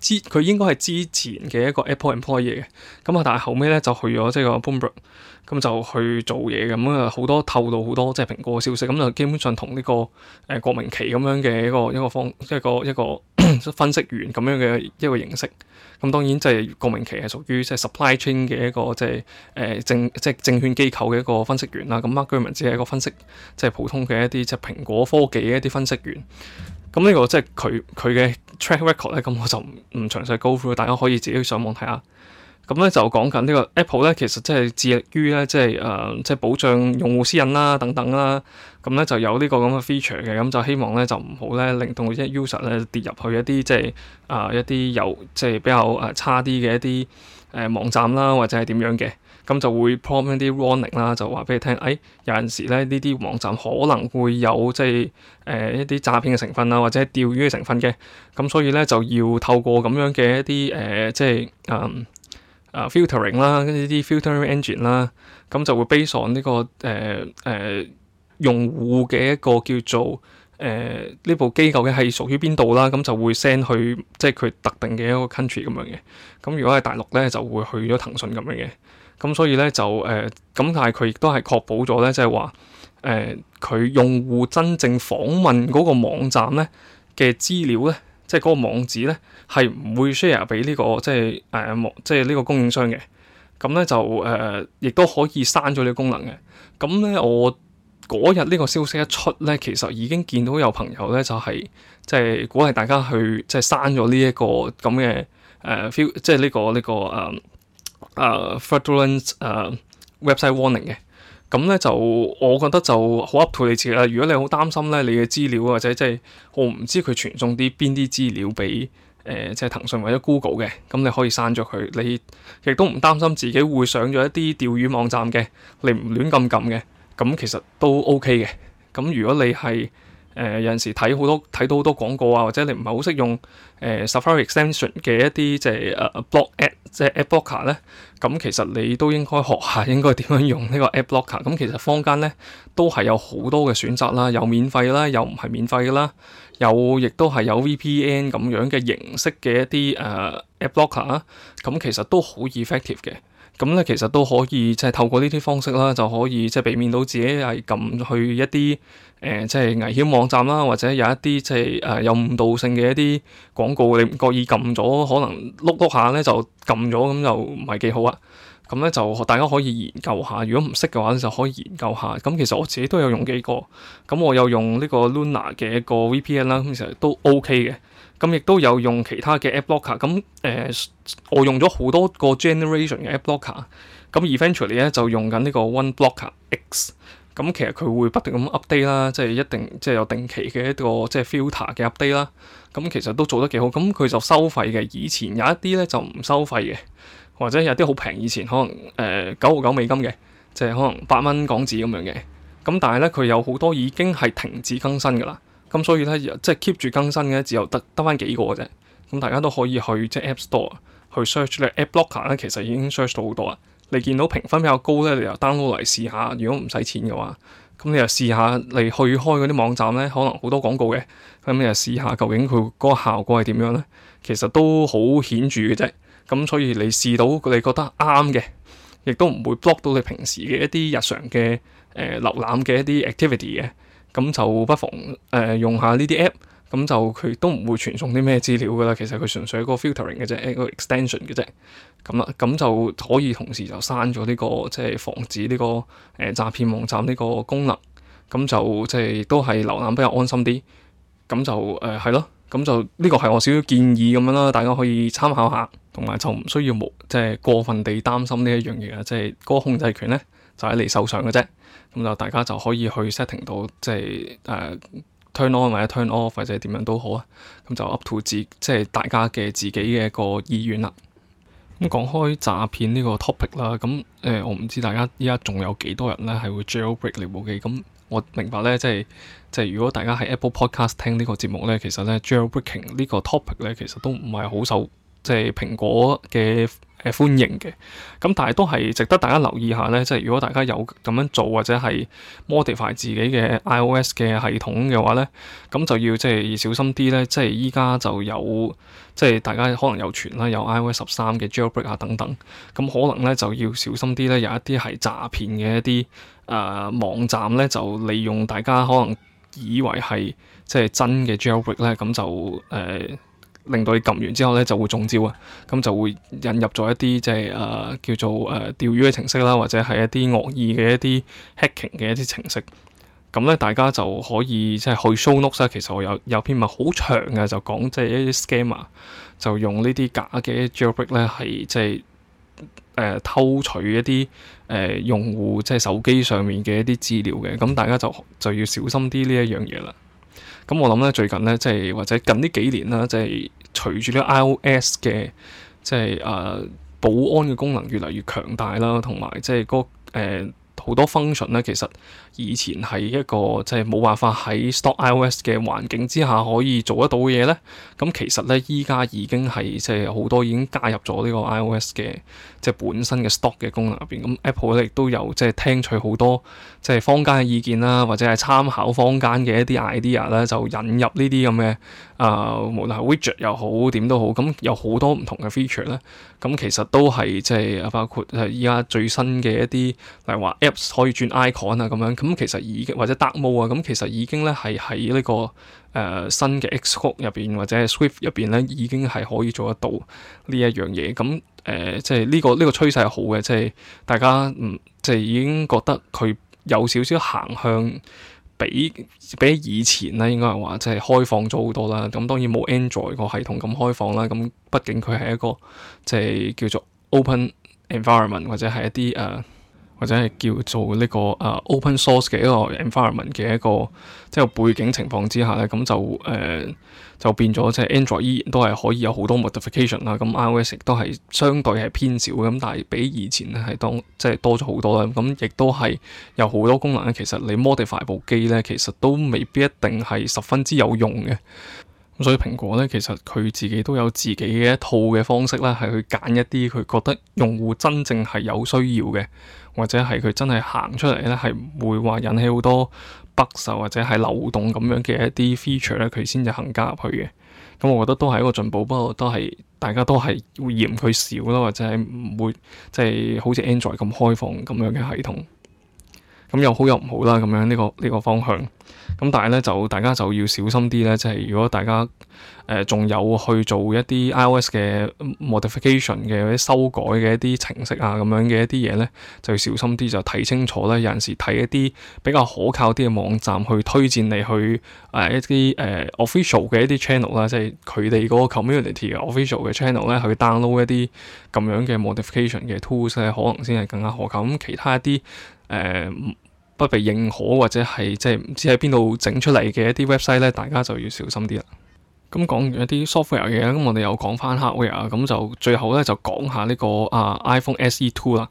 佢應該係之前嘅一個 Apple employee 嘅，咁啊，但係後尾咧就去咗即係個 Bloomberg 咁就去做嘢，咁啊好多透露好多即係蘋果嘅消息，咁、嗯、就基本上同呢、這個誒郭明琪咁樣嘅一個一個方一個一個分析員咁樣嘅一個形式。咁當然即係郭明琪係屬於即係 supply chain 嘅一個即係誒證即係證券機構嘅一個分析員啦。咁 Mark Gurman 只係一個分析即係普通嘅一啲即係蘋果科技嘅一啲分析員。咁呢個即係佢佢嘅 track record 咧，咁我就唔詳細 go through 啦，大家可以自己上網睇下。咁咧就講緊呢個 Apple 咧，其實即係致力於咧，即係誒，即係保障用戶私隱啦，等等啦。咁咧就有呢個咁嘅 feature 嘅，咁就希望咧就唔好咧令到一 user 咧跌入去一啲即係啊一啲有即係比較誒差啲嘅一啲誒網站啦，或者係點樣嘅。咁就會 prompt 啲 warning 啦，就話俾你聽，誒有陣時咧呢啲網站可能會有即係誒、呃、一啲詐騙嘅成分啦，或者釣魚嘅成分嘅。咁所以咧就要透過咁樣嘅一啲誒、呃，即係、嗯、啊 filtering 啦，跟住啲 filtering engine 啦，咁就會 base on 呢、這個誒誒、呃呃、用戶嘅一個叫做誒呢、呃、部機構嘅係屬於邊度啦，咁就會 send 去即係佢特定嘅一個 country 咁樣嘅。咁如果係大陸咧，就會去咗騰訊咁樣嘅。咁所以咧就誒，咁、呃、但係佢亦都係確保咗咧，即係話誒，佢、呃、用戶真正訪問嗰個網站咧嘅資料咧，即係嗰個網址咧，係唔會 share 俾呢個即係誒、呃、即係呢個供應商嘅。咁咧就誒、呃，亦都可以刪咗呢個功能嘅。咁咧我嗰日呢個消息一出咧，其實已經見到有朋友咧就係、是、即係鼓勵大家去即係刪咗呢一個咁嘅誒 feel，即係呢、呢個呢、呢個誒。呢個呃誒 fraudulent 誒 website warning 嘅，咁咧就我覺得就好 up to 你知啦。如果你好擔心咧，你嘅資料或者即係我唔知佢傳送啲邊啲資料俾誒即係騰訊或者 Google 嘅，咁你可以刪咗佢。你亦都唔擔心自己會上咗一啲釣魚網站嘅，你唔亂撳撳嘅，咁其實都 OK 嘅。咁如果你係誒、呃、有陣時睇好多睇到好多廣告啊，或者你唔係好識用誒、呃、Safari Extension 嘅一啲即係誒 block 即係 app blocker 咧。咁、嗯、其實你都應該學下應該點樣用呢個 app blocker、嗯。咁其實坊間咧都係有好多嘅選擇啦，有免費啦，又唔係免費啦，又亦都係有 VPN 咁樣嘅形式嘅一啲誒 app blocker 啦。咁、uh, er, 嗯、其實都好 effective 嘅。咁、嗯、咧其實都可以即係、就是、透過呢啲方式啦，就可以即係、就是、避免到自己係撳去一啲。誒、呃，即係危險網站啦，或者有一啲即係誒、呃、有誤導性嘅一啲廣告，你唔覺意撳咗，可能碌碌下咧就撳咗，咁就唔係幾好啊。咁咧就大家可以研究下，如果唔識嘅話咧就可以研究下。咁其實我自己都有用幾個，咁我又用呢個 Luna 嘅一個 VPN 啦，咁其實都 OK 嘅。咁亦都有用其他嘅 App Blocker，咁誒、呃、我用咗好多個 Generation 嘅 App Blocker，咁 eventually 咧就用緊呢個 One Blocker X。咁其實佢會不斷咁 update 啦，即係一定即係有定期嘅一個即係 filter 嘅 update 啦。咁其實都做得幾好。咁佢就收費嘅，以前有一啲咧就唔收費嘅，或者有啲好平，以前可能誒九毫九美金嘅，即係可能八蚊港紙咁樣嘅。咁但係咧佢有好多已經係停止更新噶啦。咁所以咧即係 keep 住更新嘅只有得得翻幾個啫。咁大家都可以去即係 App Store 去 search 咧 App Locker 咧，其實已經 search 到好多喇。你見到評分比較高咧，你又 download 嚟試下。如果唔使錢嘅話，咁你又試下你去開嗰啲網站咧，可能好多廣告嘅。咁你又試下究竟佢嗰個效果係點樣咧？其實都好顯著嘅啫。咁所以你試到佢哋覺得啱嘅，亦都唔會 block 到你平時嘅一啲日常嘅誒、呃、瀏覽嘅一啲 activity 嘅。咁就不妨誒、呃、用下呢啲 app。咁就佢都唔會傳送啲咩資料噶啦，其實佢純粹係一個 filtering 嘅啫，一個 extension 嘅啫，咁啦，咁就可以同時就刪咗呢個即係防止呢個誒、呃、詐騙網站呢個功能，咁就即係都係瀏覽比較安心啲，咁就誒係咯，咁、呃、就呢個係我少少建議咁樣啦，大家可以參考下，同埋就唔需要無即係過分地擔心呢一樣嘢啊，即係嗰個控制權咧就喺你手上嘅啫，咁就大家就可以去 setting 到即係誒。呃 turn on 或者 turn off 或者點樣都好啊，咁就 up to 自即係大家嘅自己嘅個意願啦。咁、嗯、講開詐騙呢個 topic 啦，咁誒、呃、我唔知大家依家仲有幾多人咧係會 jailbreak 呢部機。咁我明白咧，即係即係如果大家喺 Apple Podcast 聽呢個節目咧，其實咧 jailbreaking 呢個 topic 咧，其實都唔係好受，即係蘋果嘅。誒歡迎嘅，咁但係都係值得大家留意下咧，即係如果大家有咁樣做或者係 modify 自己嘅 iOS 嘅系統嘅話咧，咁就要即係小心啲咧，即係依家就有即係大家可能有傳啦，有 iOS 十三嘅 jailbreak 啊等等，咁可能咧就要小心啲咧，有一啲係詐騙嘅一啲誒、呃、網站咧，就利用大家可能以為係即係真嘅 jailbreak 咧，咁就誒。呃令到你撳完之後咧就會中招啊！咁就會引入咗一啲即係誒叫做誒釣魚嘅程式啦，或者係一啲惡意嘅一啲 hacking 嘅一啲程式。咁咧大家就可以即係去 show notes 啦。其實我有有篇文好長嘅，就講即係一啲 scammer 就用呢啲假嘅 jailbreak 咧，係即係誒偷取一啲誒用戶即係手機上面嘅一啲資料嘅。咁大家就就要小心啲呢一樣嘢啦。咁、嗯、我諗咧最近咧即係或者近呢幾年啦，即係隨住呢 iOS 嘅即係誒、呃、保安嘅功能越嚟越強大啦，同埋即係嗰誒。嗰個呃好多 function 咧，其實以前係一個即係冇辦法喺 Stock iOS 嘅環境之下可以做得到嘅嘢咧。咁其實咧，依家已經係即係好多已經加入咗呢個 iOS 嘅即係本身嘅 Stock 嘅功能入邊。咁 Apple 咧亦都有即係聽取好多即係坊間嘅意見啦，或者係參考坊間嘅一啲 idea 咧，就引入呢啲咁嘅啊，無論係 widget 又好點都好。咁有好多唔同嘅 feature 咧。咁其實都係即係係包括係依家最新嘅一啲，例如話。可以轉 icon 啊，咁樣咁其實已經、這個呃、或者 Dark mode 啊，咁其實已經咧係喺呢個誒新嘅 Xcode 入邊或者 Swift 入邊咧，已經係可以做得到呢一樣嘢。咁、嗯、誒，即係呢個呢、這個趨勢係好嘅，即、就、係、是、大家唔即係已經覺得佢有少少行向比比以前咧，應該係話即係開放咗好多啦。咁當然冇 Android 個系統咁開放啦。咁畢竟佢係一個即係、就是、叫做 open environment 或者係一啲誒。呃或者係叫做呢、這個啊、uh, open source 嘅一個 environment 嘅一個即係、就是、背景情況之下咧，咁就誒、uh, 就變咗即係、就是、Android 依然都係可以有好多 modification 啦。咁 iOS 亦都係相對係偏少咁，但係比以前咧係當即係多咗好多啦。咁亦都係有好多功能咧。其實你 modify 部機咧，其實都未必一定係十分之有用嘅。咁所以蘋果咧，其實佢自己都有自己嘅一套嘅方式咧，係去揀一啲佢覺得用戶真正係有需要嘅。或者係佢真係行出嚟咧，係唔會話引起好多 bug 或者係漏洞咁樣嘅一啲 feature 咧，佢先至肯加入去嘅。咁我覺得都係一個進步，不過都係大家都係會嫌佢少啦，或者係唔會即係、就是、好似 Android 咁開放咁樣嘅系統。咁又好又唔好啦，咁樣呢、這個呢、這個方向。咁但係咧就大家就要小心啲咧，即係如果大家誒仲、呃、有去做一啲 iOS 嘅 modification 嘅或者修改嘅一啲程式啊咁樣嘅一啲嘢咧，就要小心啲就睇清楚咧。有陣時睇一啲比較可靠啲嘅網站去推薦你去誒、啊、一啲誒、呃、official 嘅一啲 channel 啦，即係佢哋嗰個 community 嘅 official 嘅 channel 咧去 download 一啲咁樣嘅 modification 嘅 tools 咧，可能先係更加可靠。咁、嗯、其他一啲誒。呃不被認可或者係即係唔知喺邊度整出嚟嘅一啲 website 咧，大家就要小心啲啦。咁、嗯、講完一啲 software 嘅，咁、嗯、我哋又講翻 hardware，咁、嗯、就最後咧就講下呢、呢個啊 iPhone SE Two 啦。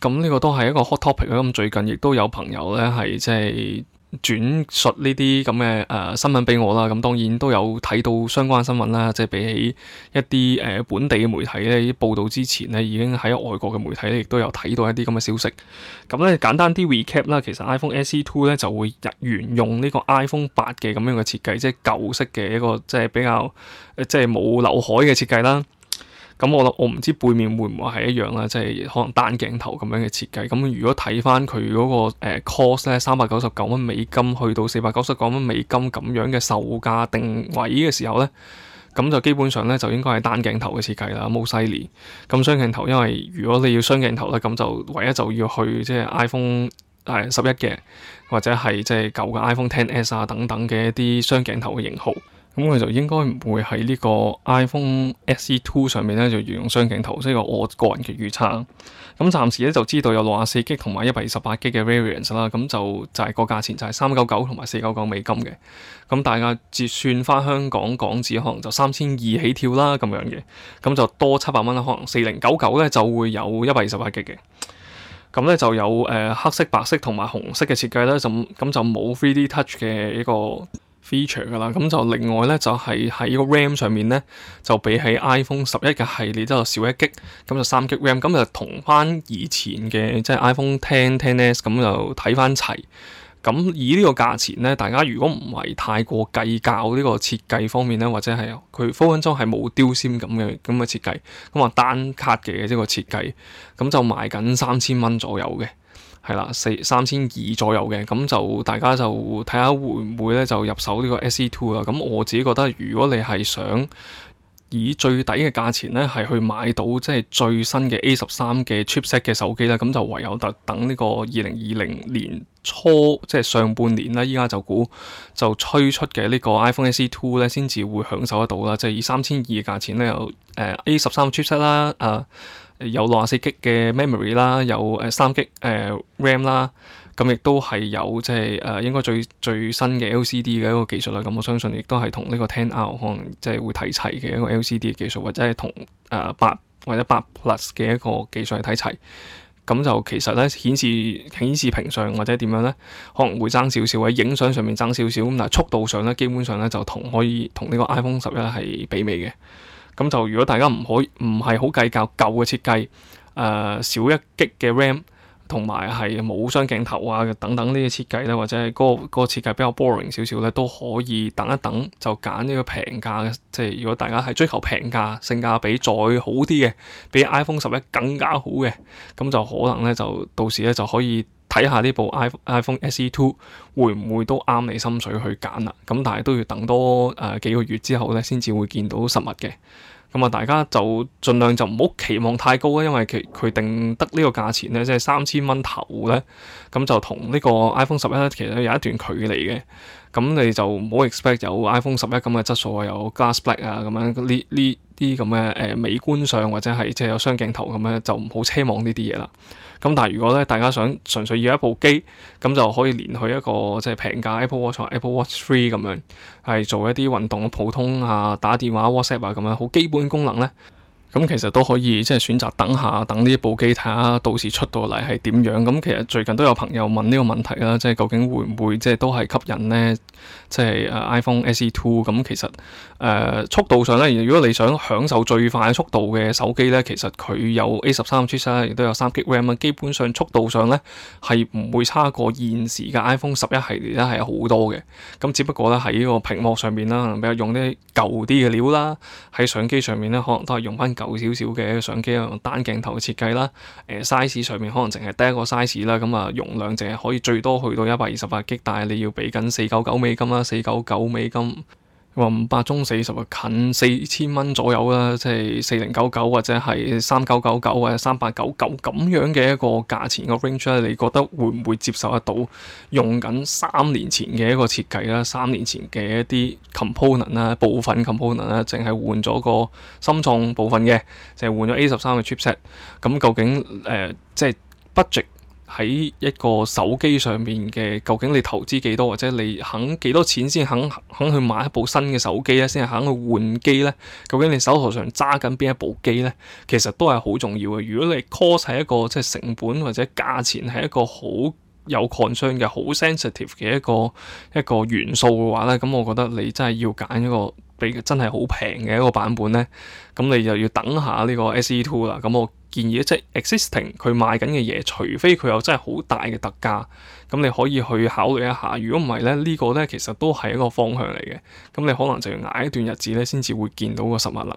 咁、嗯、呢、呢個都係一個 hot topic。咁、嗯、最近亦都有朋友咧係即係，轉述呢啲咁嘅誒新聞畀我啦，咁當然都有睇到相關新聞啦。即係比起一啲誒、呃、本地嘅媒體咧，啲報道之前咧，已經喺外國嘅媒體咧，亦都有睇到一啲咁嘅消息。咁咧簡單啲 recap 啦，其實 iPhone SE Two 咧就會沿用呢個 iPhone 八嘅咁樣嘅設計，即係舊式嘅一個即係比較即係冇劉海嘅設計啦。咁我諗我唔知背面會唔會係一樣啦，即係可能單鏡頭咁樣嘅設計。咁如果睇翻佢嗰個 cost 咧，三百九十九蚊美金去到四百九十九蚊美金咁樣嘅售價定位嘅時候咧，咁就基本上咧就應該係單鏡頭嘅設計啦。冇犀利咁雙鏡頭，因為如果你要雙鏡頭咧，咁就唯一就要去即係 iPhone 誒、哎、十一嘅，或者係即係舊嘅 iPhone Ten S 啊等等嘅一啲雙鏡頭嘅型號。咁佢就應該唔會喺呢個 iPhone SE Two 上面咧就用雙鏡頭，即係個我個人嘅預測。咁暫時咧就知道有六十四 G 同埋一百二十八 G 嘅 variants 啦，咁就就係個價錢就係三九九同埋四九九美金嘅。咁大家折算翻香港港紙，可能就三千二起跳啦，咁樣嘅。咁就多七百蚊啦，可能四零九九咧就會有一百二十八 G 嘅。咁咧就有誒、呃、黑色、白色同埋紅色嘅設計啦。就咁就冇 3D Touch 嘅一個。feature 噶啦，咁就另外咧就係、是、喺個 RAM 上面咧，就比起 iPhone 十一嘅系列之後少一 G，咁就三 G RAM，咁就同翻以前嘅即係 iPhone X, X S、Xs 咁就睇翻齊。咁以呢個價錢咧，大家如果唔係太過計較呢個設計方面咧，或者係佢 full unzong 係冇吊線咁嘅咁嘅設計，咁話單卡嘅呢個設計，咁就賣緊三千蚊左右嘅。係啦，四三千二左右嘅，咁就大家就睇下會唔會咧就入手呢個 SE Two 啦。咁我自己覺得，如果你係想以最低嘅價錢咧，係去買到即係最新嘅 A 十三嘅 chipset 嘅手機咧，咁就唯有得等呢個二零二零年初即係、就是、上半年啦。依家就估就推出嘅呢個 iPhone SE Two 咧，先至會享受得到啦。即、就、係、是、以三千二嘅價錢咧，有誒、呃、A 十三 chipset 啦，誒、呃。有六十四 G 嘅 memory 啦、呃，RAM，啊、有誒三 G 誒 RAM 啦，咁亦都係有即係誒應該最最新嘅 LCD 嘅一個技術啦。咁我相信亦都係同呢個 XR 可能即係會睇齊嘅一個 LCD 嘅技術，或者係同誒八或者八 Plus 嘅一個技術係睇齊。咁就其實咧顯示顯示屏上或者點樣咧，可能會爭少少或者影相上面爭少少。咁但係速度上咧，基本上咧就同可以同呢個 iPhone 十一係媲美嘅。咁就如果大家唔可以唔係好計較舊嘅設計，誒少一 GB 嘅 RAM 同埋係冇雙鏡頭啊等等呢啲設計咧，或者係、嗰個、嗰個設計比較 boring 少少咧，都可以等一等就揀呢個平價嘅。即係如果大家係追求平價性價比再好啲嘅，比 iPhone 十一更加好嘅，咁就可能咧就到時咧就可以。睇下呢部 iPhone iPhone SE Two 會唔會都啱你心水去揀啦，啊？咁但係都要等多誒、呃、幾個月之後咧，先至會見到實物嘅。咁啊，大家就盡量就唔好期望太高啦，因為佢佢定得個價呢個價錢咧，即係三千蚊頭咧，咁就同呢個 iPhone 十一其實有一段距離嘅。咁你就唔好 expect 有 iPhone 十一咁嘅質素啊，有 Glass Black 啊咁樣呢呢啲咁嘅誒美觀上或者係即係有雙鏡頭咁樣，就唔好奢望呢啲嘢啦。咁但係如果咧，大家想純粹要一部機，咁就可以連去一個即係平價 Apple Watch、Apple Watch 3咁樣，係做一啲運動、普通啊、打電話、WhatsApp 啊咁樣，好基本功能咧。咁其實都可以即係、就是、選擇等下，等呢一部機睇下，到時出到嚟係點樣，咁其實最近都有朋友問呢個問題啦，即係究竟會唔會即係都係吸引咧？即係 iPhone SE Two 咁，其實誒、呃、速度上咧，如果你想享受最快速度嘅手機咧，其實佢有 A 十三處理，亦都有三 GB RAM 啊。基本上速度上咧，係唔會差過現時嘅 iPhone 十一系列啦，係好多嘅。咁只不過咧，喺個屏幕上面啦，可能比較用啲舊啲嘅料啦，喺相機上面咧可能都係用翻。舊少少嘅相機，用單鏡頭嘅設計啦，誒、呃、size 上面可能淨係得一個 size 啦，咁啊容量淨係可以最多去到一百二十八 G，但係你要畀緊四九九美金啦，四九九美金。話五百中四十嘅近四千蚊左右啦，即係四零九九或者係三九九九或者三八九九咁樣嘅一個價錢個 range 咧，你覺得會唔會接受得到？用緊三年前嘅一個設計啦，三年前嘅一啲 component 啦，部分 component 啦，淨係換咗個心臟部分嘅，淨係換咗 A 十三嘅 chipset。咁究竟誒、呃，即係 budget？喺一個手機上面嘅，究竟你投資幾多，或者你肯幾多錢先肯肯去買一部新嘅手機咧，先肯去換機咧？究竟你手頭上揸緊邊一部機咧？其實都係好重要嘅。如果你 cost 係一個即係成本或者價錢係一個好有 concern 嘅、好 sensitive 嘅一個一個元素嘅話咧，咁我覺得你真係要揀一個比真係好平嘅一個版本咧，咁你就要等下呢個 SE2 啦。咁我建議即係、就是、existing 佢賣緊嘅嘢，除非佢有真係好大嘅特價，咁你可以去考慮一下。如果唔係咧，呢個咧其實都係一個方向嚟嘅。咁你可能就要捱一段日子咧，先至會見到個實物啦。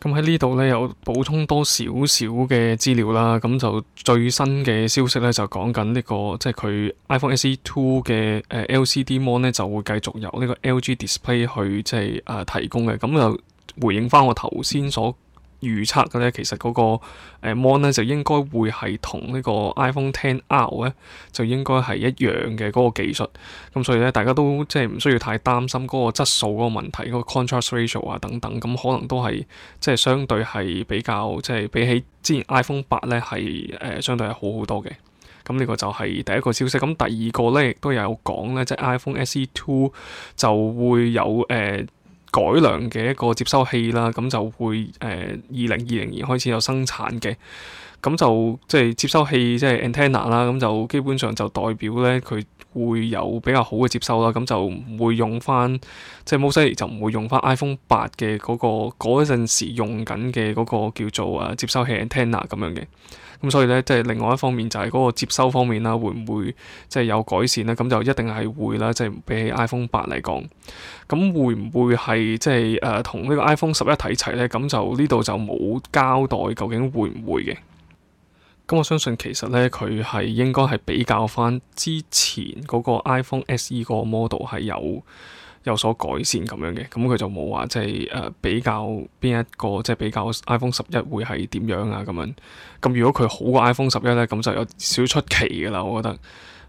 咁喺呢度咧，有補充多少少嘅資料啦。咁就最新嘅消息咧，就講緊、這個就是呃、呢個即係佢 iPhone SE Two 嘅 LCD mon 咧，就會繼續由呢個 LG Display 去即係誒提供嘅。咁就回應翻我頭先所。預測嘅咧，其實嗰個 mon 咧、呃，就應該會係同呢個 iPhone XR 咧，就應該係一樣嘅嗰個技術。咁所以咧，大家都即係唔需要太擔心嗰個質素嗰個問題，嗰個 contrast ratio 啊等等，咁可能都係即係相對係比較即係比起之前 iPhone 八咧，係誒、呃、相對係好好多嘅。咁呢個就係第一個消息。咁第二個咧，亦都有講咧，即係 iPhone SE Two 就會有誒。呃改良嘅一個接收器啦，咁就會誒二零二零年開始有生產嘅，咁就即係接收器即係 antenna 啦，咁就基本上就代表咧佢會有比較好嘅接收啦，咁就唔會用返即係摩西就唔會用返 iPhone 八嘅嗰、嗰個嗰陣時用緊嘅嗰個叫做誒、啊、接收器 antenna 咁樣嘅。咁所以咧，即係另外一方面就係嗰個接收方面啦，會唔會即係有改善咧？咁就一定係會啦，即係比起 iPhone 八嚟講，咁會唔會係即係誒同呢個 iPhone 十一睇齊咧？咁就呢度就冇交代究竟會唔會嘅。咁我相信其實咧，佢係應該係比較翻之前嗰個 iPhone SE 個 model 係有有所改善咁樣嘅，咁佢就冇話即係誒比較邊一個即係、就是、比較 iPhone 十一會係點樣啊咁樣。咁如果佢好過 iPhone 十一咧，咁就有少少出奇嘅啦，我覺得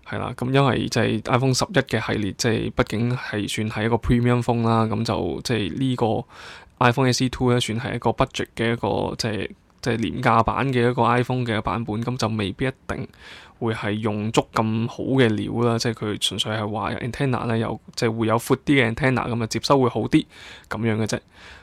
係啦。咁因為即係 iPhone 十一嘅系列，即、就、係、是、畢竟係算係一個 premium phone 啦。咁就即係呢個 iPhone SE Two 咧，算係一個 budget 嘅一個即係即係廉價版嘅一個 iPhone 嘅版本，咁就未必一定，會係用足咁好嘅料啦，即係佢純粹係話 antenna 咧有即係會有闊啲嘅 antenna 咁啊接收會好啲咁樣嘅啫。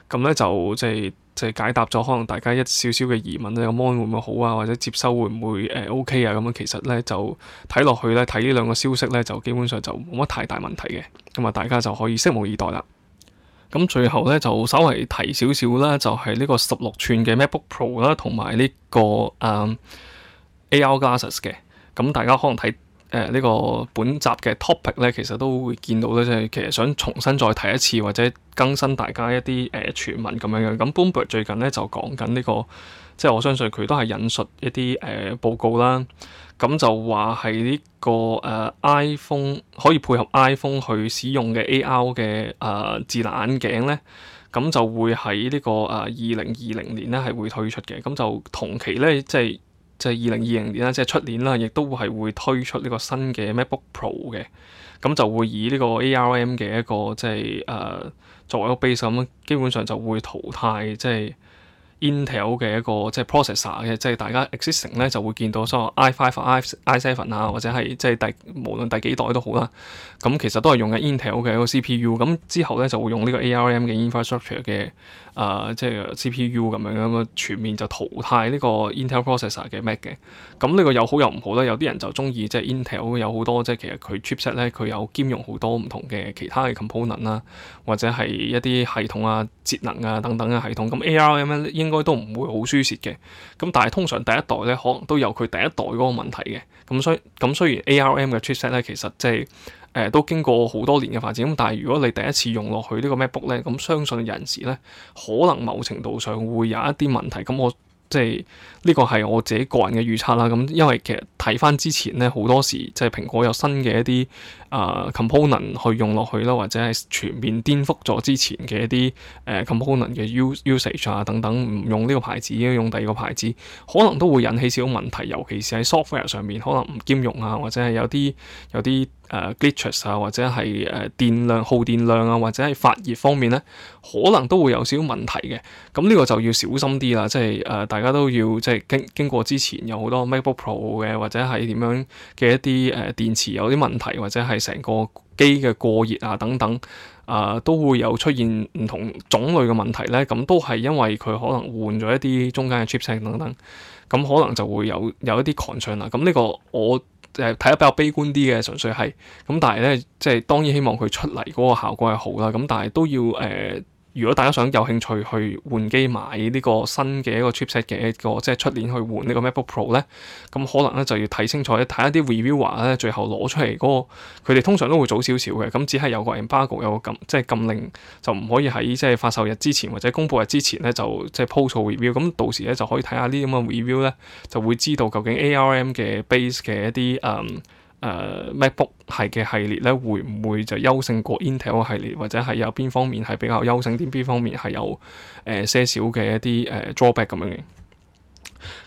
咁咧就即係即係解答咗可能大家一少少嘅疑問啦，咁、這、mon、個、會唔會好啊，或者接收會唔會誒、呃、OK 啊咁樣。其實咧就睇落去咧睇呢兩個消息咧就基本上就冇乜太大問題嘅。咁啊大家就可以拭目以待啦。咁最後咧就稍微提少少啦，就係、是、呢個十六寸嘅 MacBook Pro 啦，同埋呢個誒、嗯、AR Glasses 嘅。咁大家可能睇誒呢個本集嘅 topic 咧，其實都會見到咧，即、就、係、是、其實想重新再提一次或者更新大家一啲誒傳聞咁樣嘅。咁 Bloomberg 最近咧就講緊呢個，即係我相信佢都係引述一啲誒、呃、報告啦。咁就話係呢個誒、呃、iPhone 可以配合 iPhone 去使用嘅 AR 嘅誒、呃、智能眼鏡咧，咁就會喺、這個呃、呢個誒二零二零年咧係會推出嘅。咁就同期咧即係。就是即係二零二零年啦，即係出年啦，亦都係會推出呢個新嘅 MacBook Pro 嘅，咁就會以呢個 ARM 嘅一個即係誒、uh, 作為一個 basis 咁，基本上就會淘汰即係。Intel 嘅一個即係 processor 嘅，即係大家 existing 咧就會見到所謂 i5、i7 啊，或者係即係第無論第幾代都好啦。咁其實都係用緊 Intel 嘅一個 CPU。咁之後咧就會用呢個 ARM 嘅 infrastructure 嘅啊、呃，即係 CPU 咁樣，咁全面就淘汰呢個 Intel processor 嘅 Mac 嘅。咁呢個有好有唔好咧？有啲人就中意即係 Intel 有好多即係，其實佢 chipset 咧，佢有兼容好多唔同嘅其他嘅 component 啦、啊，或者係一啲系統啊節能啊等等嘅系統。咁 ARM 應應該都唔會好輸蝕嘅，咁但係通常第一代咧，可能都有佢第一代嗰個問題嘅，咁雖咁雖然 A.R.M 嘅 Chipset 咧，其實即係誒都經過好多年嘅發展，咁但係如果你第一次用落去個呢個 MacBook 咧，咁相信有人士咧，可能某程度上會有一啲問題，咁我。即係呢個係我自己個人嘅預測啦，咁因為其實睇翻之前咧，好多時，即係蘋果有新嘅一啲啊、呃、component 去用落去啦，或者係全面顛覆咗之前嘅一啲誒、呃、component 嘅 usage 啊等等，唔用呢個牌子，應該用第二個牌子，可能都會引起少少問題，尤其是喺 software 上面，可能唔兼容啊，或者係有啲有啲。誒、uh, glitches 啊，或者係誒電量耗電量啊，或者係發熱方面咧，可能都會有少少問題嘅。咁呢個就要小心啲啦，即係誒、呃、大家都要即係經經過之前有好多 MacBook Pro 嘅或者係點樣嘅一啲誒、呃、電池有啲問題，或者係成個機嘅過熱啊等等，啊、呃、都會有出現唔同種類嘅問題咧。咁都係因為佢可能換咗一啲中間嘅 chipset 等等，咁可能就會有有一啲 concern 啦。咁呢個我。誒睇得比較悲觀啲嘅，純粹係咁，但係咧，即係當然希望佢出嚟嗰個效果係好啦，咁但係都要誒。呃如果大家想有興趣去換機買呢個新嘅一個 chipset 嘅一個即係出年去換呢個 MacBook Pro 咧，咁可能咧就要睇清楚，睇下啲 review 話咧，最後攞出嚟嗰、嗰個佢哋通常都會早少少嘅，咁只係有個 embargo 有個禁即係、即係、禁令就唔可以喺即係發售日之前或者公佈日之前咧就即係 post 好 review，咁到時咧就可以睇下呢啲咁嘅 review 咧就會知道究竟 ARM 嘅 base 嘅一啲誒。Um, 誒、uh, MacBook 系嘅系列咧，會唔會就優勝過 Intel 嘅系列，或者係有邊方面係比較優勝啲，邊方面係有誒、呃、些少嘅一啲誒、呃、drawback 咁樣嘅？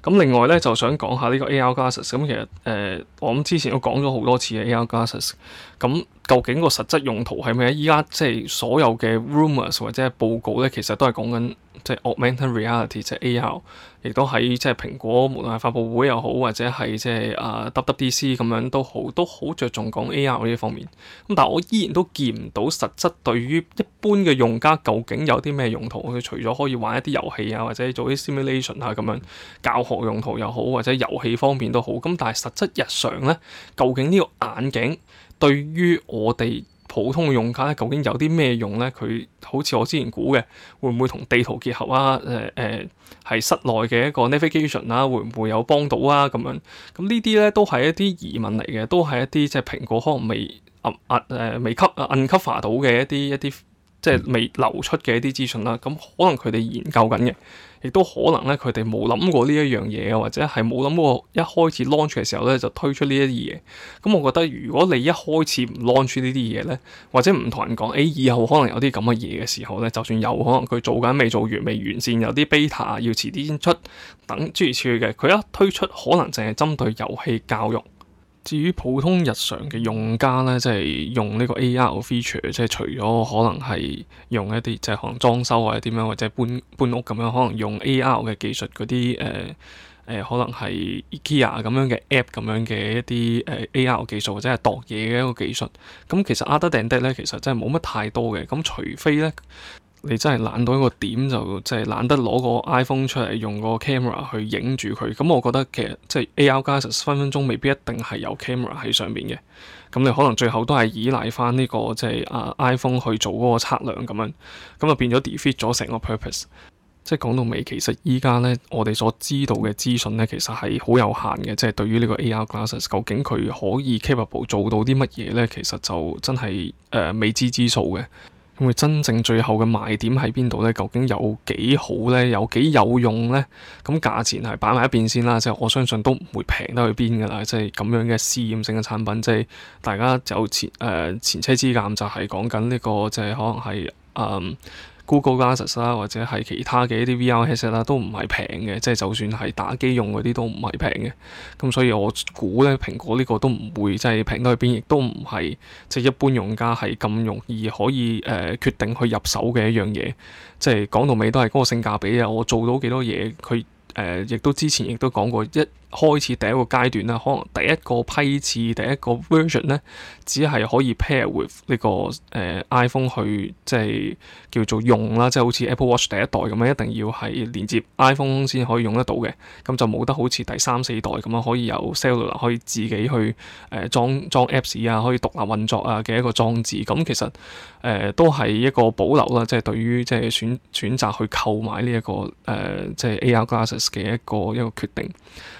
咁另外咧，就想講下呢個 AR glasses。咁其實誒、呃，我諗之前都講咗好多次嘅 AR glasses。咁究竟個實質用途係咩？依家即係所有嘅 rumors 或者係報告咧，其實都係講緊。即係 augmented reality，即係 AR，亦都喺即係蘋果無論係發布會又好，或者係即係啊 WWDC 咁樣都好，都好着重講 AR 呢一方面。咁但係我依然都見唔到實質對於一般嘅用家究竟有啲咩用途？佢除咗可以玩一啲遊戲啊，或者做啲 simulation 啊咁樣教學用途又好，或者遊戲方面都好。咁但係實質日常咧，究竟呢個眼鏡對於我哋？普通用家究竟有啲咩用咧？佢好似我之前估嘅，會唔會同地圖結合啊？誒、呃、誒，係、呃、室內嘅一個 navigation 啊，會唔會有幫到啊？咁樣咁、嗯、呢啲咧，都係一啲疑問嚟嘅，都係一啲即係蘋果可能未壓壓、呃呃、未吸啊摁吸煩到嘅一啲一啲。即係未流出嘅一啲資訊啦，咁可能佢哋研究緊嘅，亦都可能咧佢哋冇諗過呢一樣嘢，或者係冇諗過一開始 launch 嘅時候咧就推出呢一啲嘢。咁我覺得如果你一開始唔 launch 呢啲嘢咧，或者唔同人講，誒、欸、以後可能有啲咁嘅嘢嘅時候咧，就算有可能佢做緊未做完未完善，有啲 beta 要遲啲先出，等諸如此類嘅，佢一推出可能淨係針對遊戲、教育。至於普通日常嘅用家咧，即係用呢個 AR feature，即係除咗可能係用一啲即係可能裝修或者點樣或者搬搬屋咁樣，可能用 AR 嘅技術嗰啲誒誒，可能係 IKEA 咁樣嘅 app 咁樣嘅一啲誒、呃、AR 技術，或者係度嘢嘅一個技術。咁其實 other than that 咧，其實真係冇乜太多嘅。咁除非咧。你真係懶到一個點，就即係懶得攞個 iPhone 出嚟用個 camera 去影住佢。咁我覺得其實即係、就是、AR glasses 分分鐘未必一定係有 camera 喺上面嘅。咁你可能最後都係依賴翻呢、這個即係、就是、啊 iPhone 去做嗰個測量咁樣。咁就變咗 defeat 咗成個 purpose。 即係講到尾，其實依家呢我哋所知道嘅資訊呢，其實係好有限嘅。即、就、係、是、對於呢個 AR glasses，究竟佢可以 capable 做到啲乜嘢呢？其實就真係誒、呃、未知之數嘅。會真正最後嘅賣點喺邊度呢？究竟有幾好呢？有幾有用呢？咁價錢係擺埋一邊先啦，即係我相信都唔會平得去邊㗎啦。即係咁樣嘅試驗性嘅產品，即係大家就前誒、呃、前車之鑑，就係講緊、這、呢個，即係可能係嗯。呃 Google Glasses 啦，或者係其他嘅一啲 VR headset 啦，都唔係平嘅，即係就算係打機用嗰啲都唔係平嘅。咁所以我估咧，蘋果呢個都唔會即係平到去邊，亦都唔係即係一般用家係咁容易可以誒、呃、決定去入手嘅一樣嘢。即係講到尾都係嗰個性價比啊，我做到幾多嘢，佢誒亦都之前亦都講過一開始第一個階段啦，可能第一個批次、第一個 version 咧，只係可以 pair with 呢、這個誒、呃、iPhone 去即係叫做用啦，即係好似 Apple Watch 第一代咁啊，樣一定要係連接 iPhone 先可以用得到嘅，咁就冇得好似第三四代咁啊，樣可以有 cellular 可以自己去誒裝、呃、裝 Apps 啊，可以獨立運作啊嘅一個裝置。咁其實誒、呃、都係一個保留啦，即係對於即係選選擇去購買呢、這個呃、一個誒即係 AR glasses 嘅一個一個決定。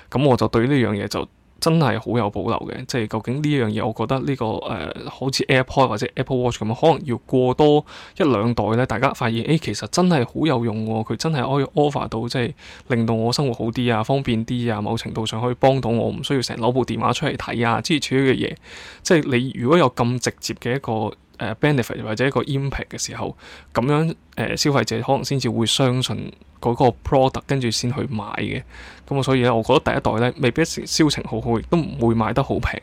咁我就對呢樣嘢就真係好有保留嘅，即係究竟呢樣嘢，我覺得呢個誒好似 AirPod 或者 Apple Watch 咁，可能要過多一兩代咧，大家發現誒其實真係好有用喎，佢真係可以 offer 到即係令到我生活好啲啊，方便啲啊，某程度上可以幫到我，唔需要成日攞部電話出嚟睇啊之類嘅嘢。即係你如果有咁直接嘅一個。Uh, benefit 或者一個 impact 嘅時候，咁樣誒、呃、消費者可能先至會相信嗰個 product，跟住先去買嘅。咁我所以咧，我覺得第一代咧未必銷情好好，亦都唔會賣得好平。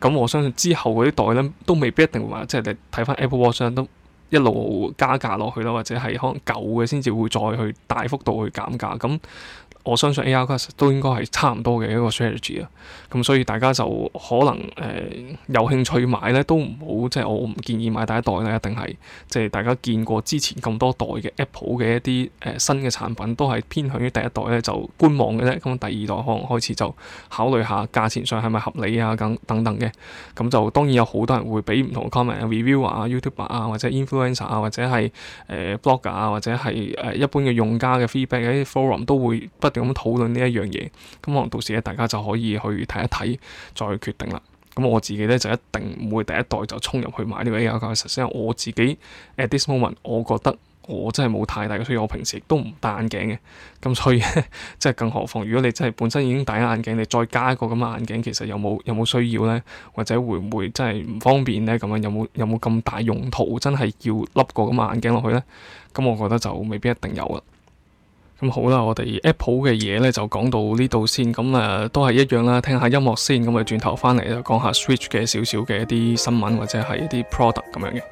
咁我相信之後嗰啲代咧都未必一定會話，即係你睇返 Apple Watch 都一路加價落去啦，或者係可能舊嘅先至會再去大幅度去減價咁。我相信 AR Glass 都應該係差唔多嘅一個 strategy 啊，咁所以大家就可能誒、呃、有興趣買咧都唔好，即係我唔建議買第一代啦，一定係即係大家見過之前咁多代嘅 Apple 嘅一啲誒、呃、新嘅產品都係偏向於第一代咧就觀望嘅啫。咁第二代可能開始就考慮下價錢上係咪合理啊，等等等嘅，咁就當然有好多人會俾唔同嘅 comment 啊、review 啊、YouTube 啊或者 influencer 啊或者係誒、呃、blogger 啊或者係誒、呃、一般嘅用家嘅 feedback 嘅啲 forum 都會。不。咁討論呢一樣嘢，咁可能到時咧，大家就可以去睇一睇，再決定啦。咁我自己咧就一定唔會第一代就衝入去買呢個眼鏡實先。我自己 at this moment，我覺得我真係冇太大嘅需要。我平時亦都唔戴眼鏡嘅，咁所以 即係更何況如果你真係本身已經戴眼鏡，你再加一個咁嘅眼鏡，其實有冇有冇需要咧？或者會唔會真係唔方便咧？咁樣有冇有冇咁大用途？真係要笠個咁嘅眼鏡落去咧？咁我覺得就未必一定有啦。咁好啦，我哋 Apple 嘅嘢呢就講到呢度先，咁啊都係一樣啦，聽下音樂先，咁啊轉頭翻嚟就講下 Switch 嘅少少嘅一啲新聞或者係一啲 product 咁樣嘅。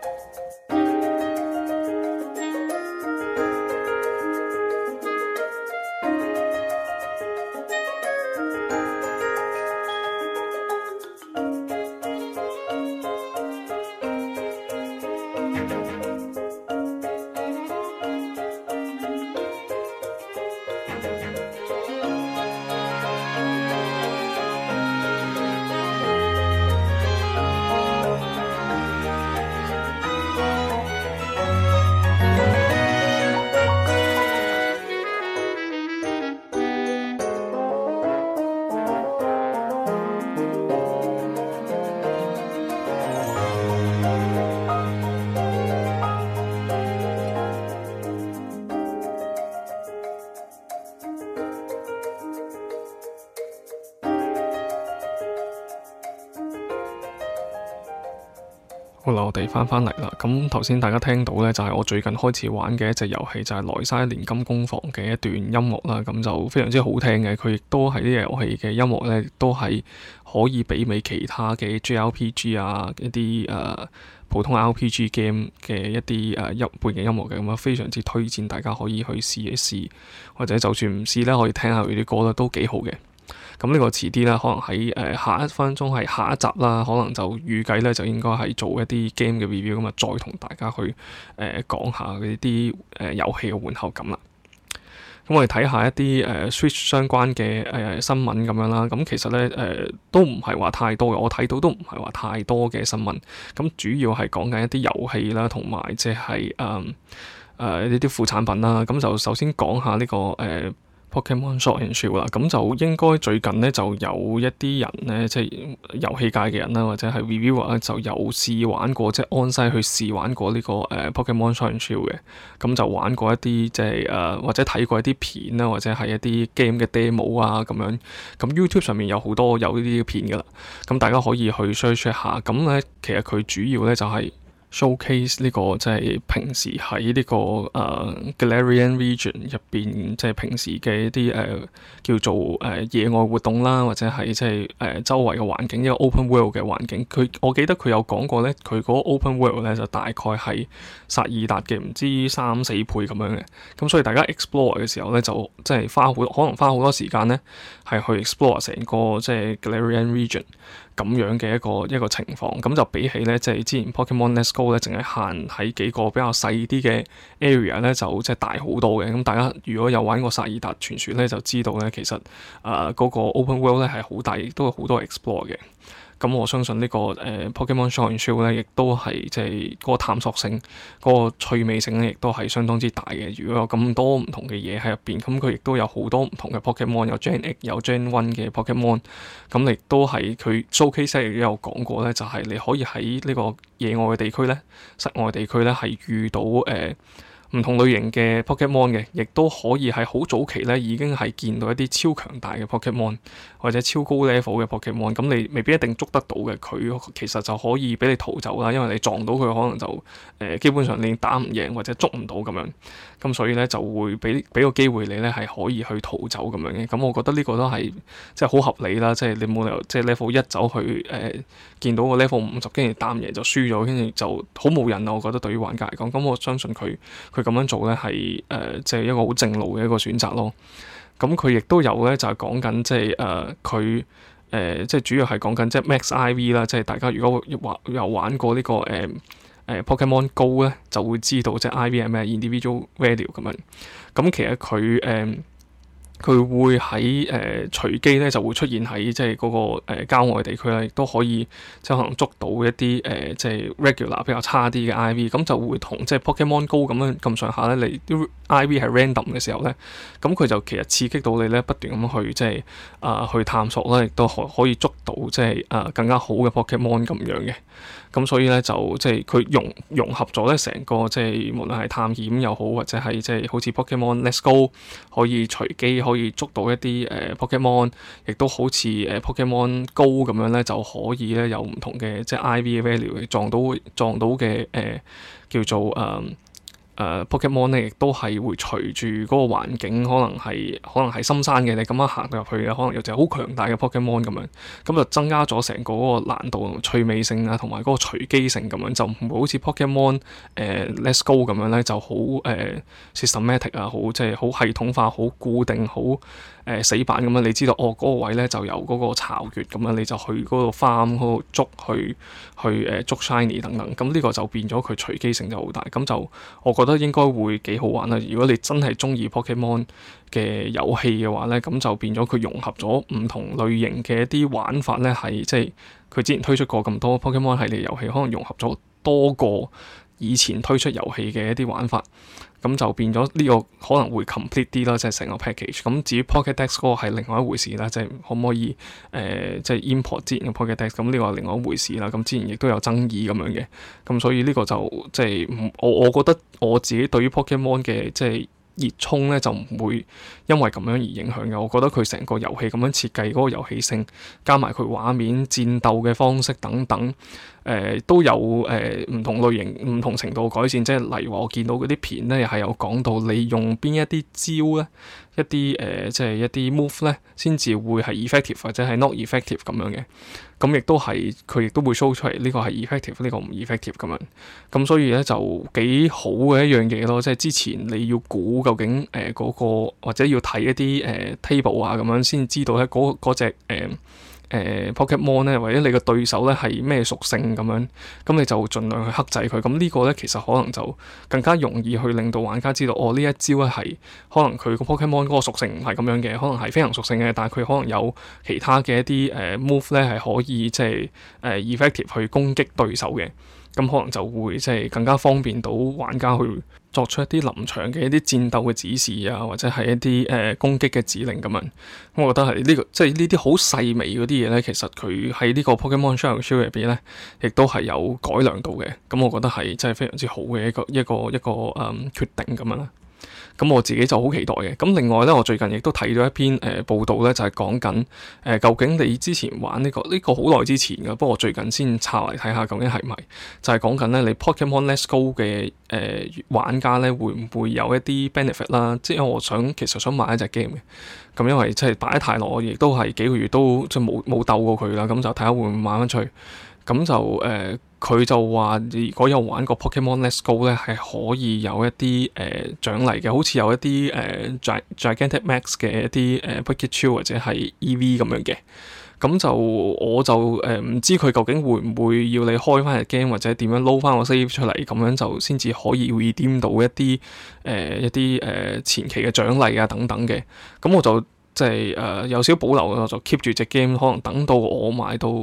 咁頭先大家聽到咧，就係、是、我最近開始玩嘅一隻遊戲，就係、是《萊莎鍊金工房》嘅一段音樂啦。咁就非常之好聽嘅，佢亦都係呢隻遊戲嘅音樂咧，都係可以媲美其他嘅 JRPG 啊一啲誒、啊、普通 RPG game 嘅一啲誒音背景音樂嘅。咁啊，非常之推薦大家可以去試一試，或者就算唔試咧，可以聽下佢啲歌咧，都幾好嘅。咁呢個遲啲啦，可能喺誒、呃、下一分鐘係下一集啦，可能就預計咧就應該係做一啲 game 嘅 review 咁啊，再同大家去誒、呃、講下呢啲誒遊戲嘅玩後感啦。咁我哋睇下一啲誒、呃、Switch 相關嘅誒、呃、新聞咁樣啦。咁其實咧誒、呃、都唔係話太多嘅，我睇到都唔係話太多嘅新聞。咁主要係講緊一啲遊戲啦，同埋即係誒誒呢啲副產品啦。咁就首先講下呢、這個誒。呃 Pokemon Sword and Shield 啦，咁就應該最近咧就有一啲人咧，即、就、係、是、遊戲界嘅人啦，或者係 reviewer 就有試玩過即係安西去試玩過呢、這個誒、uh, Pokemon Sword and Shield 嘅，咁就玩過一啲即係誒或者睇過一啲片啦，或者係一啲 game 嘅 demo 啊咁樣，咁 YouTube 上面有好多有呢啲片噶啦，咁大家可以去 search 下，咁咧其實佢主要咧就係、是、showcase 呢、這個即係、就是、平時喺呢、這個誒、uh, Galarian Region 入邊，即、就、係、是、平時嘅一啲誒、uh, 叫做誒野、uh, 外活動啦，或者係即係誒周圍嘅環境一個 open world 嘅環境。佢我記得佢有講過咧，佢個 open world 咧就大概係薩爾達嘅唔知三四倍咁樣嘅。咁所以大家 explore 嘅時候咧，就即係、就是、花好可能花好多時間咧，係去 explore 成個即係、就是、Galarian Region。咁樣嘅一個一個情況，咁就比起咧，即係之前 Pokemon Let's Go 咧，淨係限喺幾個比較細啲嘅 area 咧，就即係大好多嘅。咁大家如果有玩過薩爾達傳説咧，就知道咧，其實誒嗰個 Open World 咧係好大，亦都有好多 explore 嘅。咁我相信個呢個誒 Pokemon Show and Tell 咧，亦都係即係嗰個探索性、嗰、嗰個趣味性咧，亦都係相當之大嘅。如果有咁多唔同嘅嘢喺入邊，咁佢亦都有好多唔同嘅 Pokemon，有 Gen Eight、有 Gen One 嘅 Pokemon。咁亦都係佢 Showcase 亦都有講過咧，就係、係、你可以喺呢個野外嘅地區咧、室外地區咧，係遇到誒、呃唔同類型嘅 Pokemon 嘅，亦都可以喺好早期咧，已經係見到一啲超強大嘅 Pokemon 或者超高 level 嘅 Pokemon，咁你未必一定捉得到嘅，佢其實就可以俾你逃走啦，因為你撞到佢可能就誒、呃、基本上你打唔贏或者捉唔到咁樣。咁所以咧就會俾俾個機會你咧係可以去逃走咁樣嘅，咁我覺得呢個都係即係好合理啦，即係你冇理由即係 level 一走去誒、呃、見到個 level 五十，跟住打贏就輸咗，跟住就好冇癮啦。我覺得對於玩家嚟講，咁我相信佢佢咁樣做咧係誒即係一個好正路嘅一個選擇咯。咁佢亦都有咧就係講緊即係誒佢誒即係主要係講緊即係 max IV 啦，即係大家如果話有玩過呢、這個誒，呃誒、uh, Pokemon Go 咧就會知道即係、就是、IV 係咩，individual value 咁樣。咁其實佢誒佢會喺誒、呃、隨機咧就會出現喺即係嗰個、呃、郊外地區咧亦都可以即係可能捉到一啲誒即係 regular 比較差啲嘅 IV，咁就會同即係、就是、Pokemon Go 咁樣咁上下咧，你啲 IV 係 random 嘅時候咧，咁佢就其實刺激到你咧不斷咁去即係啊去探索啦，亦都可可以捉到即係啊更加好嘅 Pokemon 咁樣嘅。咁所以咧就即係佢融融合咗咧成個即係無論係探險又好，或者係即係好似 Pokemon Let's Go 可以隨機可以捉到一啲誒、uh, Pokemon，亦都好似誒、uh, Pokemon Go 咁樣咧就可以咧有唔同嘅即係 IV value 撞到撞到嘅誒、uh, 叫做誒。Um, 誒、uh, Pokemon 咧，亦都係會隨住嗰個環境，可能係可能係深山嘅，你咁樣行入去嘅，可能有隻好強大嘅 Pokemon 咁樣，咁就增加咗成個嗰個難度、趣味性啊，同埋嗰個隨機性咁樣，就唔會好似 Pokemon 誒、呃、Let's Go 咁樣咧，就好誒、呃、systematic 啊，好即係好系統化、好固定好。誒、呃、死板咁樣，你知道哦，嗰、那個位咧就有嗰個巢穴咁樣，你就去嗰個 farm 嗰度捉去，去誒、呃、捉 shiny 等等。咁呢個就變咗佢隨機性就好大。咁就我覺得應該會幾好玩啦。如果你真係中意 Pokemon 嘅遊戲嘅話咧，咁就變咗佢融合咗唔同類型嘅一啲玩法咧，係即係佢之前推出過咁多 Pokemon 系列遊戲，可能融合咗多個以前推出遊戲嘅一啲玩法。咁就變咗呢個可能會 complete 啲啦，即係成個 package。咁至於 Pokedex 嗰個係另外一回事啦，即係可唔可以誒即係 import 之前嘅 Pokedex，咁呢個係另外一回事啦。咁之前亦都有爭議咁樣嘅。咁所以呢個就即係唔我我覺得我自己對於 Pokemon 嘅即係。就是熱衝咧就唔會因為咁樣而影響嘅，我覺得佢成個遊戲咁樣設計嗰、嗰個遊戲性，加埋佢畫面、戰鬥嘅方式等等，誒、呃、都有誒、呃、唔同類型、唔同程度改善。即係例如我見到嗰啲片咧，係有講到你用邊一啲招咧，一啲誒即係一啲 move 咧，先至會係 effective 或者係 not effective 咁樣嘅。咁亦都係，佢亦都會 show 出嚟，呢、這個係 effective，呢個唔 effective 咁樣。咁所以咧就幾好嘅一樣嘢咯，即係之前你要估究竟誒嗰、呃那個或者要睇一啲誒、呃、table 啊咁樣先知道咧嗰嗰隻誒。誒、uh, Pokemon 咧，或者你嘅對手咧係咩屬性咁樣，咁你就盡量去克制佢。咁呢個咧其實可能就更加容易去令到玩家知道，哦，呢一招咧係可能佢個 Pokemon 嗰個屬性唔係咁樣嘅，可能係飛行屬性嘅，但係佢可能有其他嘅一啲誒、uh, move 咧係可以即係誒 effective 去攻擊對手嘅，咁可能就會即係、就是、更加方便到玩家去。作出一啲臨場嘅一啲戰鬥嘅指示啊，或者係一啲誒、呃、攻擊嘅指令咁樣，咁我覺得係呢、這個即係呢啲好細微嗰啲嘢咧，其實佢喺呢個 Pokemon Sword Shield 入邊咧，亦都係有改良到嘅。咁我覺得係真係非常之好嘅一個一個一個誒、嗯、決定咁樣啦。咁我自己就好期待嘅。咁另外呢，我最近亦都睇咗一篇誒、呃、報道呢，就係講緊誒究竟你之前玩呢、這個呢、這個好耐之前嘅，不過我最近先拆嚟睇下究竟係咪。就係講緊呢，你 Pokemon Let’s Go 嘅誒、呃、玩家呢，會唔會有一啲 benefit 啦？即係我想其實想買一隻 game 嘅。咁、嗯、因為即係擺得太耐，我亦都係幾個月都即冇冇鬥過佢啦。咁、嗯、就睇下會唔會買翻出去。咁、嗯、就誒。呃佢就話：如果有玩過 Pokemon Let's Go 咧，係可以有一啲誒獎勵嘅，好、呃、似有一啲誒、呃、Gigantamax 嘅一啲比卡超或者係 EV 咁樣嘅。咁就我就誒唔、呃、知佢究竟會唔會要你開翻隻 game 或者點樣撈翻個 save 出嚟，咁樣就先至可以 redeem 到一啲誒、呃、一啲誒、呃、前期嘅獎勵啊等等嘅。咁我就即係誒有少少保留，我就 keep 住隻 game，可能等到我買到。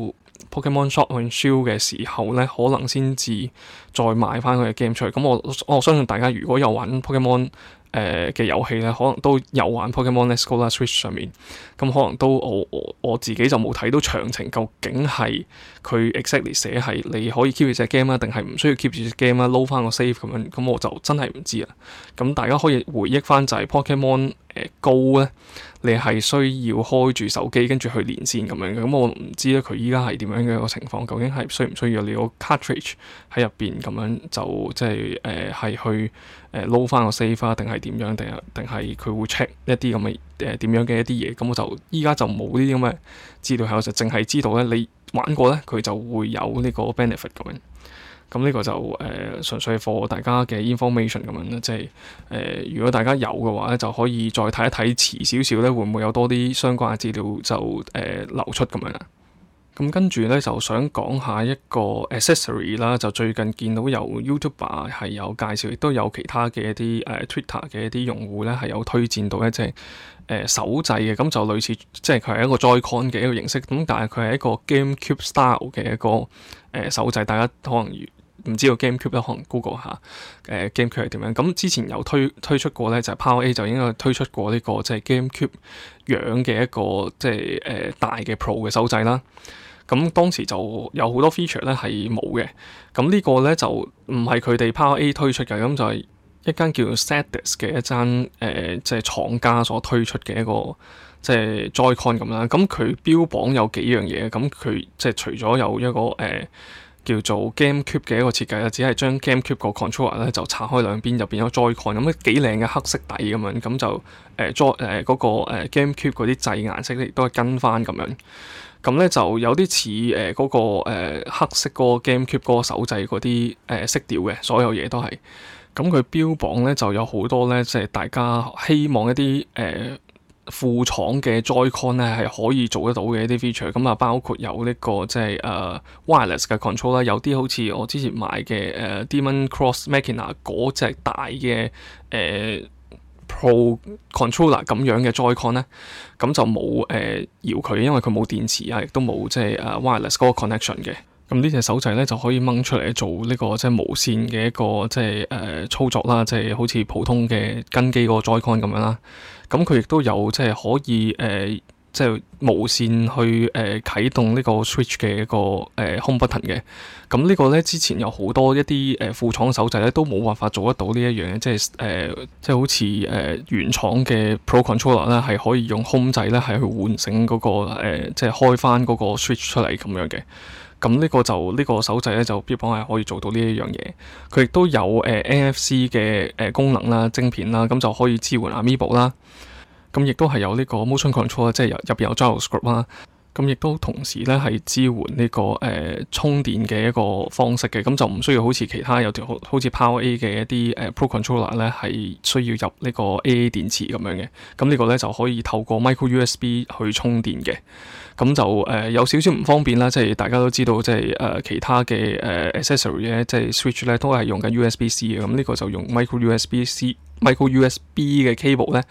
Pokemon Sword and Shield 嘅時候咧，可能先至再買翻佢嘅 game 出嚟。咁我我相信大家如果有玩 Pokemon 誒、呃、嘅遊戲咧，可能都有玩 Pokemon Let’s Go 啦 Switch 上面。咁可能都我我我自己就冇睇到詳情，究竟係佢 exactly 寫係你可以 keep 住隻 game 啊，定係唔需要 keep 住隻 game 啊，撈翻個 save 咁樣？咁我就真係唔知啦。咁大家可以回憶翻就係 Pokemon 誒、呃、Go 咧。你係需要開住手機，跟住去連線咁樣嘅，咁我唔知咧佢依家係點樣嘅一個情況，究竟係需唔需要你個 cartridge 喺入邊咁樣，就即係誒係去誒撈翻個 save 花定係點樣，定係定係佢會 check 一啲咁嘅誒點樣嘅、呃、一啲嘢，咁我就依家就冇呢啲咁嘅資料喺，我就淨係知道咧，你玩過咧，佢就會有呢個 benefit 咁樣。咁呢個就誒、呃、純粹 for 大家嘅 information 咁樣啦，即係誒如果大家有嘅話咧，就可以再睇一睇遲少少咧，點點會唔會有多啲相關嘅資料就誒、呃、流出咁樣啦。咁跟住咧就想講一下一個 accessory 啦，就最近見到有 YouTuber 係有介紹，亦都有其他嘅一啲誒、呃、Twitter 嘅一啲用戶咧係有推薦到一隻。誒手掣嘅咁就類似，即係佢係一個 Joy-Con 嘅一個形式，咁但係佢係一個 GameCube style 嘅一個誒、呃、手掣。大家可能唔知道 GameCube 都可能 Google 下誒、呃、GameCube 係點樣。咁之前有推推出過咧，就是、PowerA 就應該推出過呢、這個即係、就是、GameCube 樣嘅一個即係誒大嘅 Pro 嘅手掣啦。咁當時就有好多 feature 咧係冇嘅，咁呢個咧就唔係佢哋 PowerA 推出嘅，咁就係、是。一間叫 Sadness 嘅一間誒、呃，即係廠家所推出嘅一個即係 Joy-Con 咁啦。咁佢標榜有幾樣嘢，咁佢即係除咗有一個誒、呃、叫做 GameCube 嘅一個設計啦，只係將 GameCube 個 controller 咧就拆開兩邊，入邊有 Joy-Con 咁，幾靚嘅黑色底咁樣，咁就誒 Jo 誒嗰個、呃、GameCube 嗰啲掣顏色亦都係跟翻咁樣。咁咧就有啲似誒嗰個、呃、黑色嗰個 GameCube 嗰個手掣嗰啲誒色調嘅，所有嘢都係。咁佢標榜咧就有好多咧，即係大家希望一啲誒、呃、副廠嘅 Joy-Con 咧係可以做得到嘅一啲 feature。咁啊，包括有呢、呢個即係誒、呃、wireless 嘅 control 啦，有啲好似我之前買嘅誒、呃、Demon Cross Machina e 嗰隻大嘅誒、呃、pro controller 咁樣嘅 Joy-Con 咧，咁就冇誒、呃、搖佢，因為佢冇電池啊，亦都冇即係誒、呃、wireless 嗰個 connection 嘅。咁呢隻手掣咧就可以掹出嚟做呢、這個即係無線嘅一個即係誒、呃、操作啦，即係好似普通嘅跟機個 Joy-Con 咁樣啦。咁佢亦都有即係可以誒、呃，即係無線去誒、呃、啟動呢個 Switch 嘅一個誒、呃、Home Button 嘅。咁呢個咧之前有好多一啲誒、呃、副廠手掣咧都冇辦法做得到呢一樣嘅，即係誒、呃、即係好似誒、呃、原廠嘅 Pro Controller 啦，係可以用 Home 掣咧係去喚醒嗰個、呃、即係開翻嗰個 Switch 出嚟咁樣嘅。咁呢個就呢、這個手掣咧，就標榜係可以做到呢一樣嘢。佢亦都有誒、呃、NFC 嘅誒、呃、功能啦、晶片啦，咁就可以支援 Amiibo 啦。咁、嗯、亦都係有呢個 Motion Control，即係入入邊有 JavaScript 啦。咁、嗯、亦都同時咧係支援呢、這個誒、呃、充電嘅一個方式嘅，咁、嗯、就唔需要好似其他有條好好似 Power A 嘅一啲誒、呃、Pro Controller 咧，係需要入呢個 AA 電池咁樣嘅。咁、嗯、這個、呢個咧就可以透過 Micro USB 去充電嘅。咁就誒、呃、有少少唔方便啦，即係大家都知道，即係誒、呃、其他嘅誒、呃、accessory 咧，即係 switch 咧，都係用緊 USB C 嘅，咁呢個就用 micro USB C、micro USB C、micro USB 嘅 cable 咧，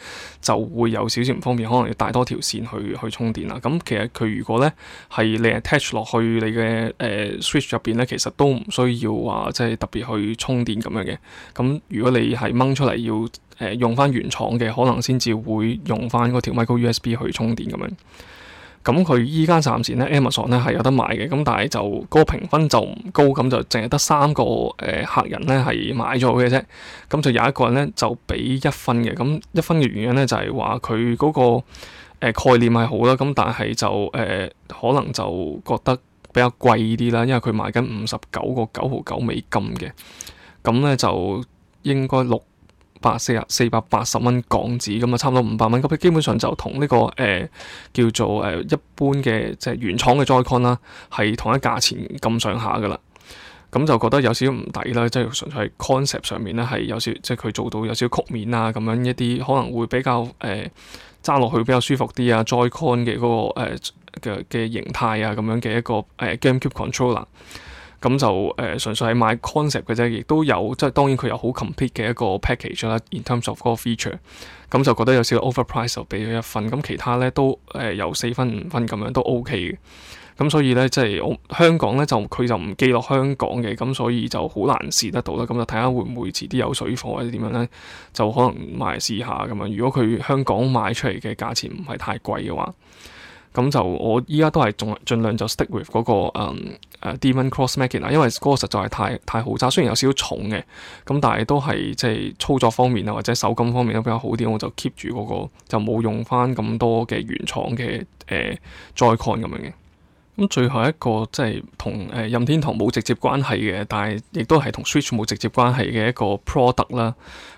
就會有少少唔方便，可能要帶多條線去去充電啦。咁其實佢如果咧係你 attach 落去你嘅誒、呃、switch 入邊咧，其實都唔需要話即係特別去充電咁樣嘅。咁如果你係掹出嚟要誒、呃、用翻原廠嘅，可能先至會用翻嗰條 micro USB 去充電咁樣。咁佢依家暫時咧，Amazon 咧係有得買嘅。咁但係就嗰、嗰個評分就唔高，咁就淨係得三個誒、呃、客人咧係買咗嘅啫。咁就有一個人咧就俾一分嘅。咁一分嘅原因咧就係話佢嗰個、呃、概念係好啦。咁但係就誒、呃、可能就覺得比較貴啲啦，因為佢賣緊五十九個九毫九美金嘅。咁咧就應該六百四啊，四百八十蚊港紙咁啊，差唔多五百蚊。咁佢基本上就同呢、這個誒、呃、叫做誒、呃、一般嘅即係原廠嘅 Joy-Con 啦、啊，係同一價錢咁上下噶啦。咁就覺得有少少唔抵啦，即係純粹喺 concept 上面咧係有少即係佢做到有少少曲面啊咁樣一啲，可能會比較誒揸落去比較舒服啲啊。Joy-Con 嘅嗰、那個嘅嘅、呃、形態啊，咁樣嘅一個誒、呃、GameCube Controller 咁就誒、呃、純粹係買 concept 嘅啫，亦都有即係當然佢有好 complete 嘅一個 package 啦。In terms of 嗰個 feature，咁就覺得有少少 overpriced 就俾佢一份。咁其他咧都誒、呃、有四分五分咁樣都 OK 嘅。咁所以咧即係香港咧就佢就唔寄落香港嘅，咁所以就好難試得到啦。咁就睇下會唔會遲啲有水貨或者點樣咧，就可能買試下咁樣。如果佢香港賣出嚟嘅價錢唔係太貴嘅話。咁就我依家都係盡儘量就 stick with 嗰個誒誒 Daemon X Machina，因為嗰個實在係太太好揸，雖然有少少重嘅，咁但係都係即係操作方面啊或者手感方面都比較好啲，我就 keep 住嗰、嗰個就冇用翻咁多嘅原廠嘅誒 Joy-Con 咁樣嘅。咁最後一個即係同誒任天堂冇直接關係嘅，但係亦都係同 Switch 冇直接關係嘅一個 product 啦。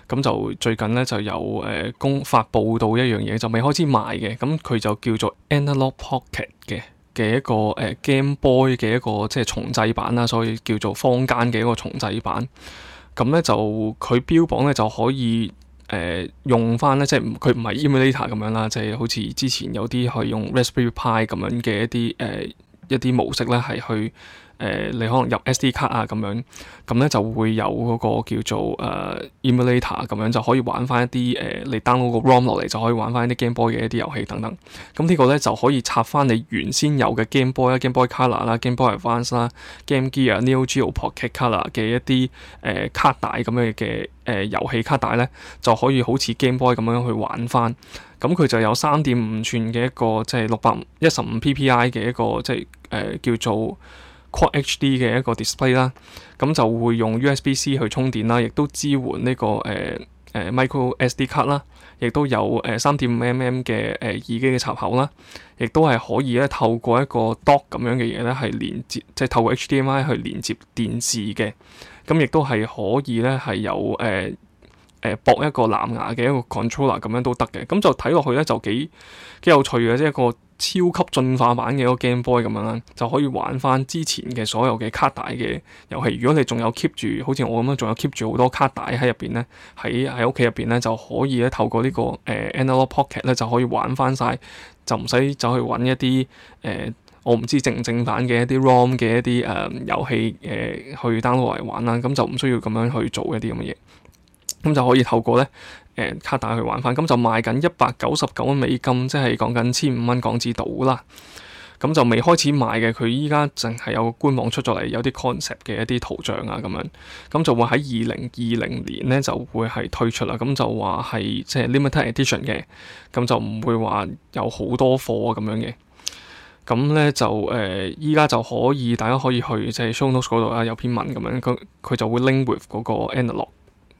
咁就最近咧就有誒、呃、公發布到一樣嘢，就未開始賣嘅。咁佢就叫做 Analogue Pocket 嘅嘅一個誒、呃、Game Boy 嘅一個即係重製版啦，所以叫做坊間嘅一個重製版。咁咧就佢標榜咧就可以誒、呃、用翻咧，即係佢唔係 Emulator 咁樣啦，即係好似之前有啲可以用 Raspberry Pi 咁樣嘅一啲誒。呃一啲模式咧，係去。誒、呃，你可能入 SD 卡啊，咁樣咁咧就會有嗰個叫做誒、呃、emulator 咁樣就可以玩翻一啲誒、呃，你 download 個 ROM 落嚟就可以玩翻一啲 Game Boy 嘅一啲遊戲等等。咁呢個咧就可以插翻你原先有嘅 Game Boy 啦、啊、Game Boy Color 啦、啊、Game Boy Advance 啦、啊、Game Gear、Neo Geo Pocket Color 嘅一啲誒、呃、卡帶咁樣嘅誒、呃、遊戲卡帶咧，就可以好似 Game Boy 咁樣去玩翻。咁佢就有三點五寸嘅一個，即係六百一十五 PPI 嘅一個，即係誒叫做。Quad HD 嘅一個 display 啦，咁就會用 USB-C 去充電啦，亦都支援呢、這個誒誒、呃呃、micro SD 卡啦，亦都有誒三點五 mm 嘅誒、呃、耳機嘅插口啦，亦都係可以咧透過一個 dock 咁樣嘅嘢咧，係連接即係、就是、透過 HDMI 去連接電視嘅，咁、嗯、亦都係可以咧係有誒誒駁一個藍牙嘅一個 controller 咁樣都得嘅，咁就睇落去咧就幾幾有趣嘅，即係一個。超級進化版嘅一個 Game Boy 咁樣啦，就可以玩翻之前嘅所有嘅卡帶嘅遊戲。如果你仲有 keep 住，好似我咁樣啦，仲有 keep 住好多卡帶喺入邊咧，喺喺屋企入邊咧就可以咧透過呢個誒 Analogue Pocket 咧就可以玩翻晒，就唔使走去揾一啲誒我唔知正正版嘅一啲 ROM 嘅一啲誒遊戲誒去 download 嚟玩啦。咁就唔需要咁樣去做一啲咁嘅嘢，咁就可以透過咧、這個，呃誒、嗯、卡帶去玩翻，咁就賣緊一百九十九蚊美金，即係講緊千五蚊港紙到啦。咁、嗯、就未開始賣嘅，佢依家淨係有官網出咗嚟，有啲 concept 嘅一啲圖像啊咁樣。咁、嗯、就會喺二零二零年呢就會係推出啦。咁、嗯、就話係即係 limited edition 嘅，咁、嗯、就唔會話有好多貨咁樣嘅。咁、嗯、呢、嗯、就誒，依、呃、家就可以大家可以去即係、就是、show notes 嗰度啊，有篇文咁樣，佢佢就會 link with 嗰個 analogue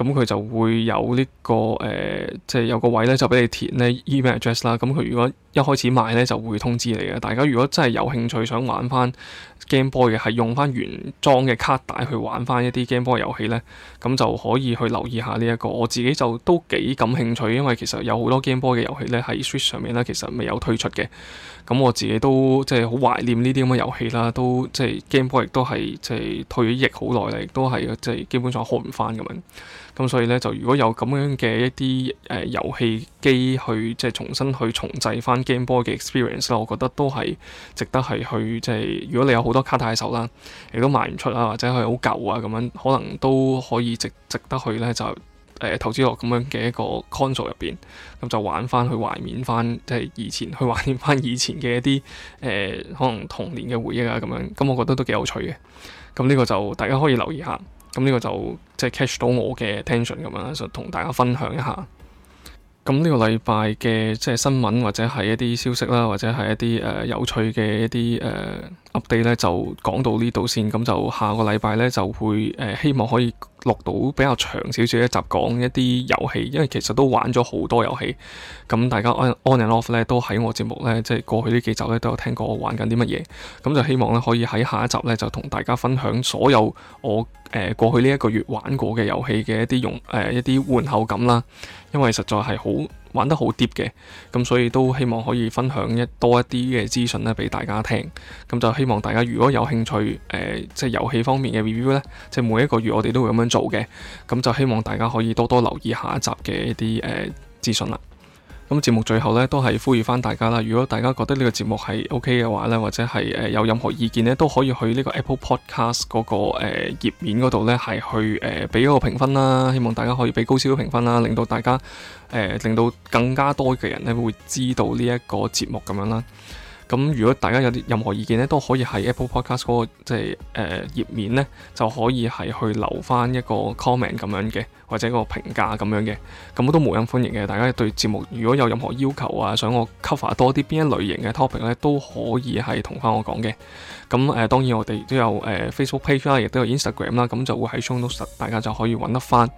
咁佢就會有呢、這個誒，即、呃、係、就是、有個位咧就俾你填咧 email address 啦。咁佢如果一開始賣咧就會通知你嘅。大家如果真係有興趣想玩翻 Game Boy 嘅，係用翻原裝嘅卡帶去玩翻一啲 Game Boy 遊戲咧，咁就可以去留意下呢、這、一個。我自己就都幾感興趣，因為其實有好多 Game Boy 嘅遊戲咧喺 Switch 上面咧其實未有推出嘅。咁我自己都即係好懷念呢啲咁嘅遊戲啦，都即係、就是、Game Boy 亦都係即係退役好耐啦，亦都係即係基本上開唔翻咁樣。咁所以咧，就如果有咁樣嘅一啲誒、呃、遊戲機去即係重新去重製翻 Game Boy 嘅 experience 咧，我覺得都係值得係去即係如果你有好多卡帶手啦，亦都賣唔出啦，或者係好舊啊咁樣，可能都可以值值得去咧就誒、呃、投資落咁樣嘅一個 console 入邊，咁就玩翻去懷念翻即係以前去懷念翻以前嘅一啲誒、呃、可能童年嘅回憶啊咁樣，咁我覺得都幾有趣嘅，咁呢個就大家可以留意下。咁呢、嗯這個就即係 catch 到我嘅 attention 咁樣，就同大家分享一下。咁呢個禮拜嘅即係新聞或者係一啲消息啦，或者係一啲誒、呃、有趣嘅一啲誒 update 咧，呃、up date, 就講到呢度先。咁就下個禮拜咧，就會誒、呃、希望可以錄到比較長少少一集，講一啲遊戲。因為其實都玩咗好多遊戲。咁大家 on and off 咧，都喺我節目咧，即係過去幾呢幾集咧都有聽過我玩緊啲乜嘢。咁就希望咧可以喺下一集咧，就同大家分享所有我誒、呃、過去呢一個月玩過嘅遊戲嘅一啲用誒一啲玩後感啦。因為實在係好玩得好疊嘅，咁所以都希望可以分享一多一啲嘅資訊咧，俾大家聽。咁就希望大家如果有興趣，誒、呃、即遊戲方面嘅 review，即每一個月我哋都會咁樣做嘅。咁就希望大家可以多多留意下一集嘅一啲誒資訊。咁節目最後咧，都係呼籲翻大家啦。如果大家覺得呢個節目係 OK 嘅話咧，或者係誒、呃、有任何意見咧，都可以去呢個 Apple Podcast 嗰、那個誒、呃、頁面嗰度咧，係去誒俾一個評分啦。希望大家可以俾高少少評分啦，令到大家誒、呃、令到更加多嘅人咧會知道呢一個節目咁樣啦。咁如果大家有啲任何意見咧，都可以喺 Apple Podcast 嗰、那個即係誒頁面咧，就可以係去留翻一個 comment 咁樣嘅。或者個評價咁樣嘅，咁我都無任歡迎嘅。大家對節目如果有任何要求啊，想我 cover 多啲邊一類型嘅 topic 咧，都可以係同翻我講嘅。咁誒、呃、當然我哋都有誒、呃、Facebook page、啊、也也啦，亦都有 Instagram 啦，咁就會喺 show notes，大家就可以揾得翻，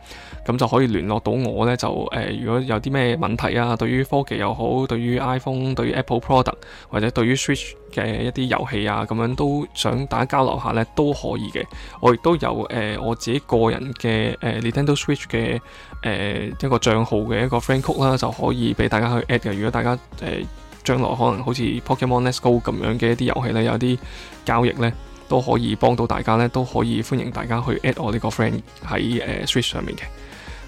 咁就可以聯絡到我咧。就誒、呃、如果有啲咩問題啊，對於科技又好，對於 iPhone、對於 Apple product 或者對於 Switch，嘅一啲遊戲啊，咁樣都想大家交流下呢都可以嘅。我亦都有誒、呃、我自己個人嘅誒、呃、Nintendo Switch 嘅誒、呃、一個帳號嘅一個 friend code 啦，就可以俾大家去 add 嘅。如果大家誒、呃、將來可能好似 Pokemon Let's Go 咁樣嘅一啲遊戲呢，有啲交易呢都可以幫到大家呢，都可以歡迎大家去 add 我呢個 friend 喺誒、呃、Switch 上面嘅。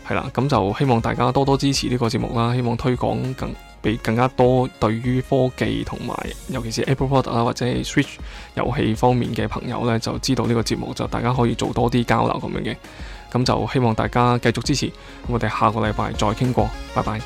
係啦，咁就希望大家多多支持呢個節目啦。希望推廣更俾更加多對於科技同埋，尤其是 Apple Product 啊或者係 Switch 遊戲方面嘅朋友呢，就知道呢個節目就大家可以做多啲交流咁樣嘅。咁就希望大家繼續支持，我哋下個禮拜再傾過。拜拜。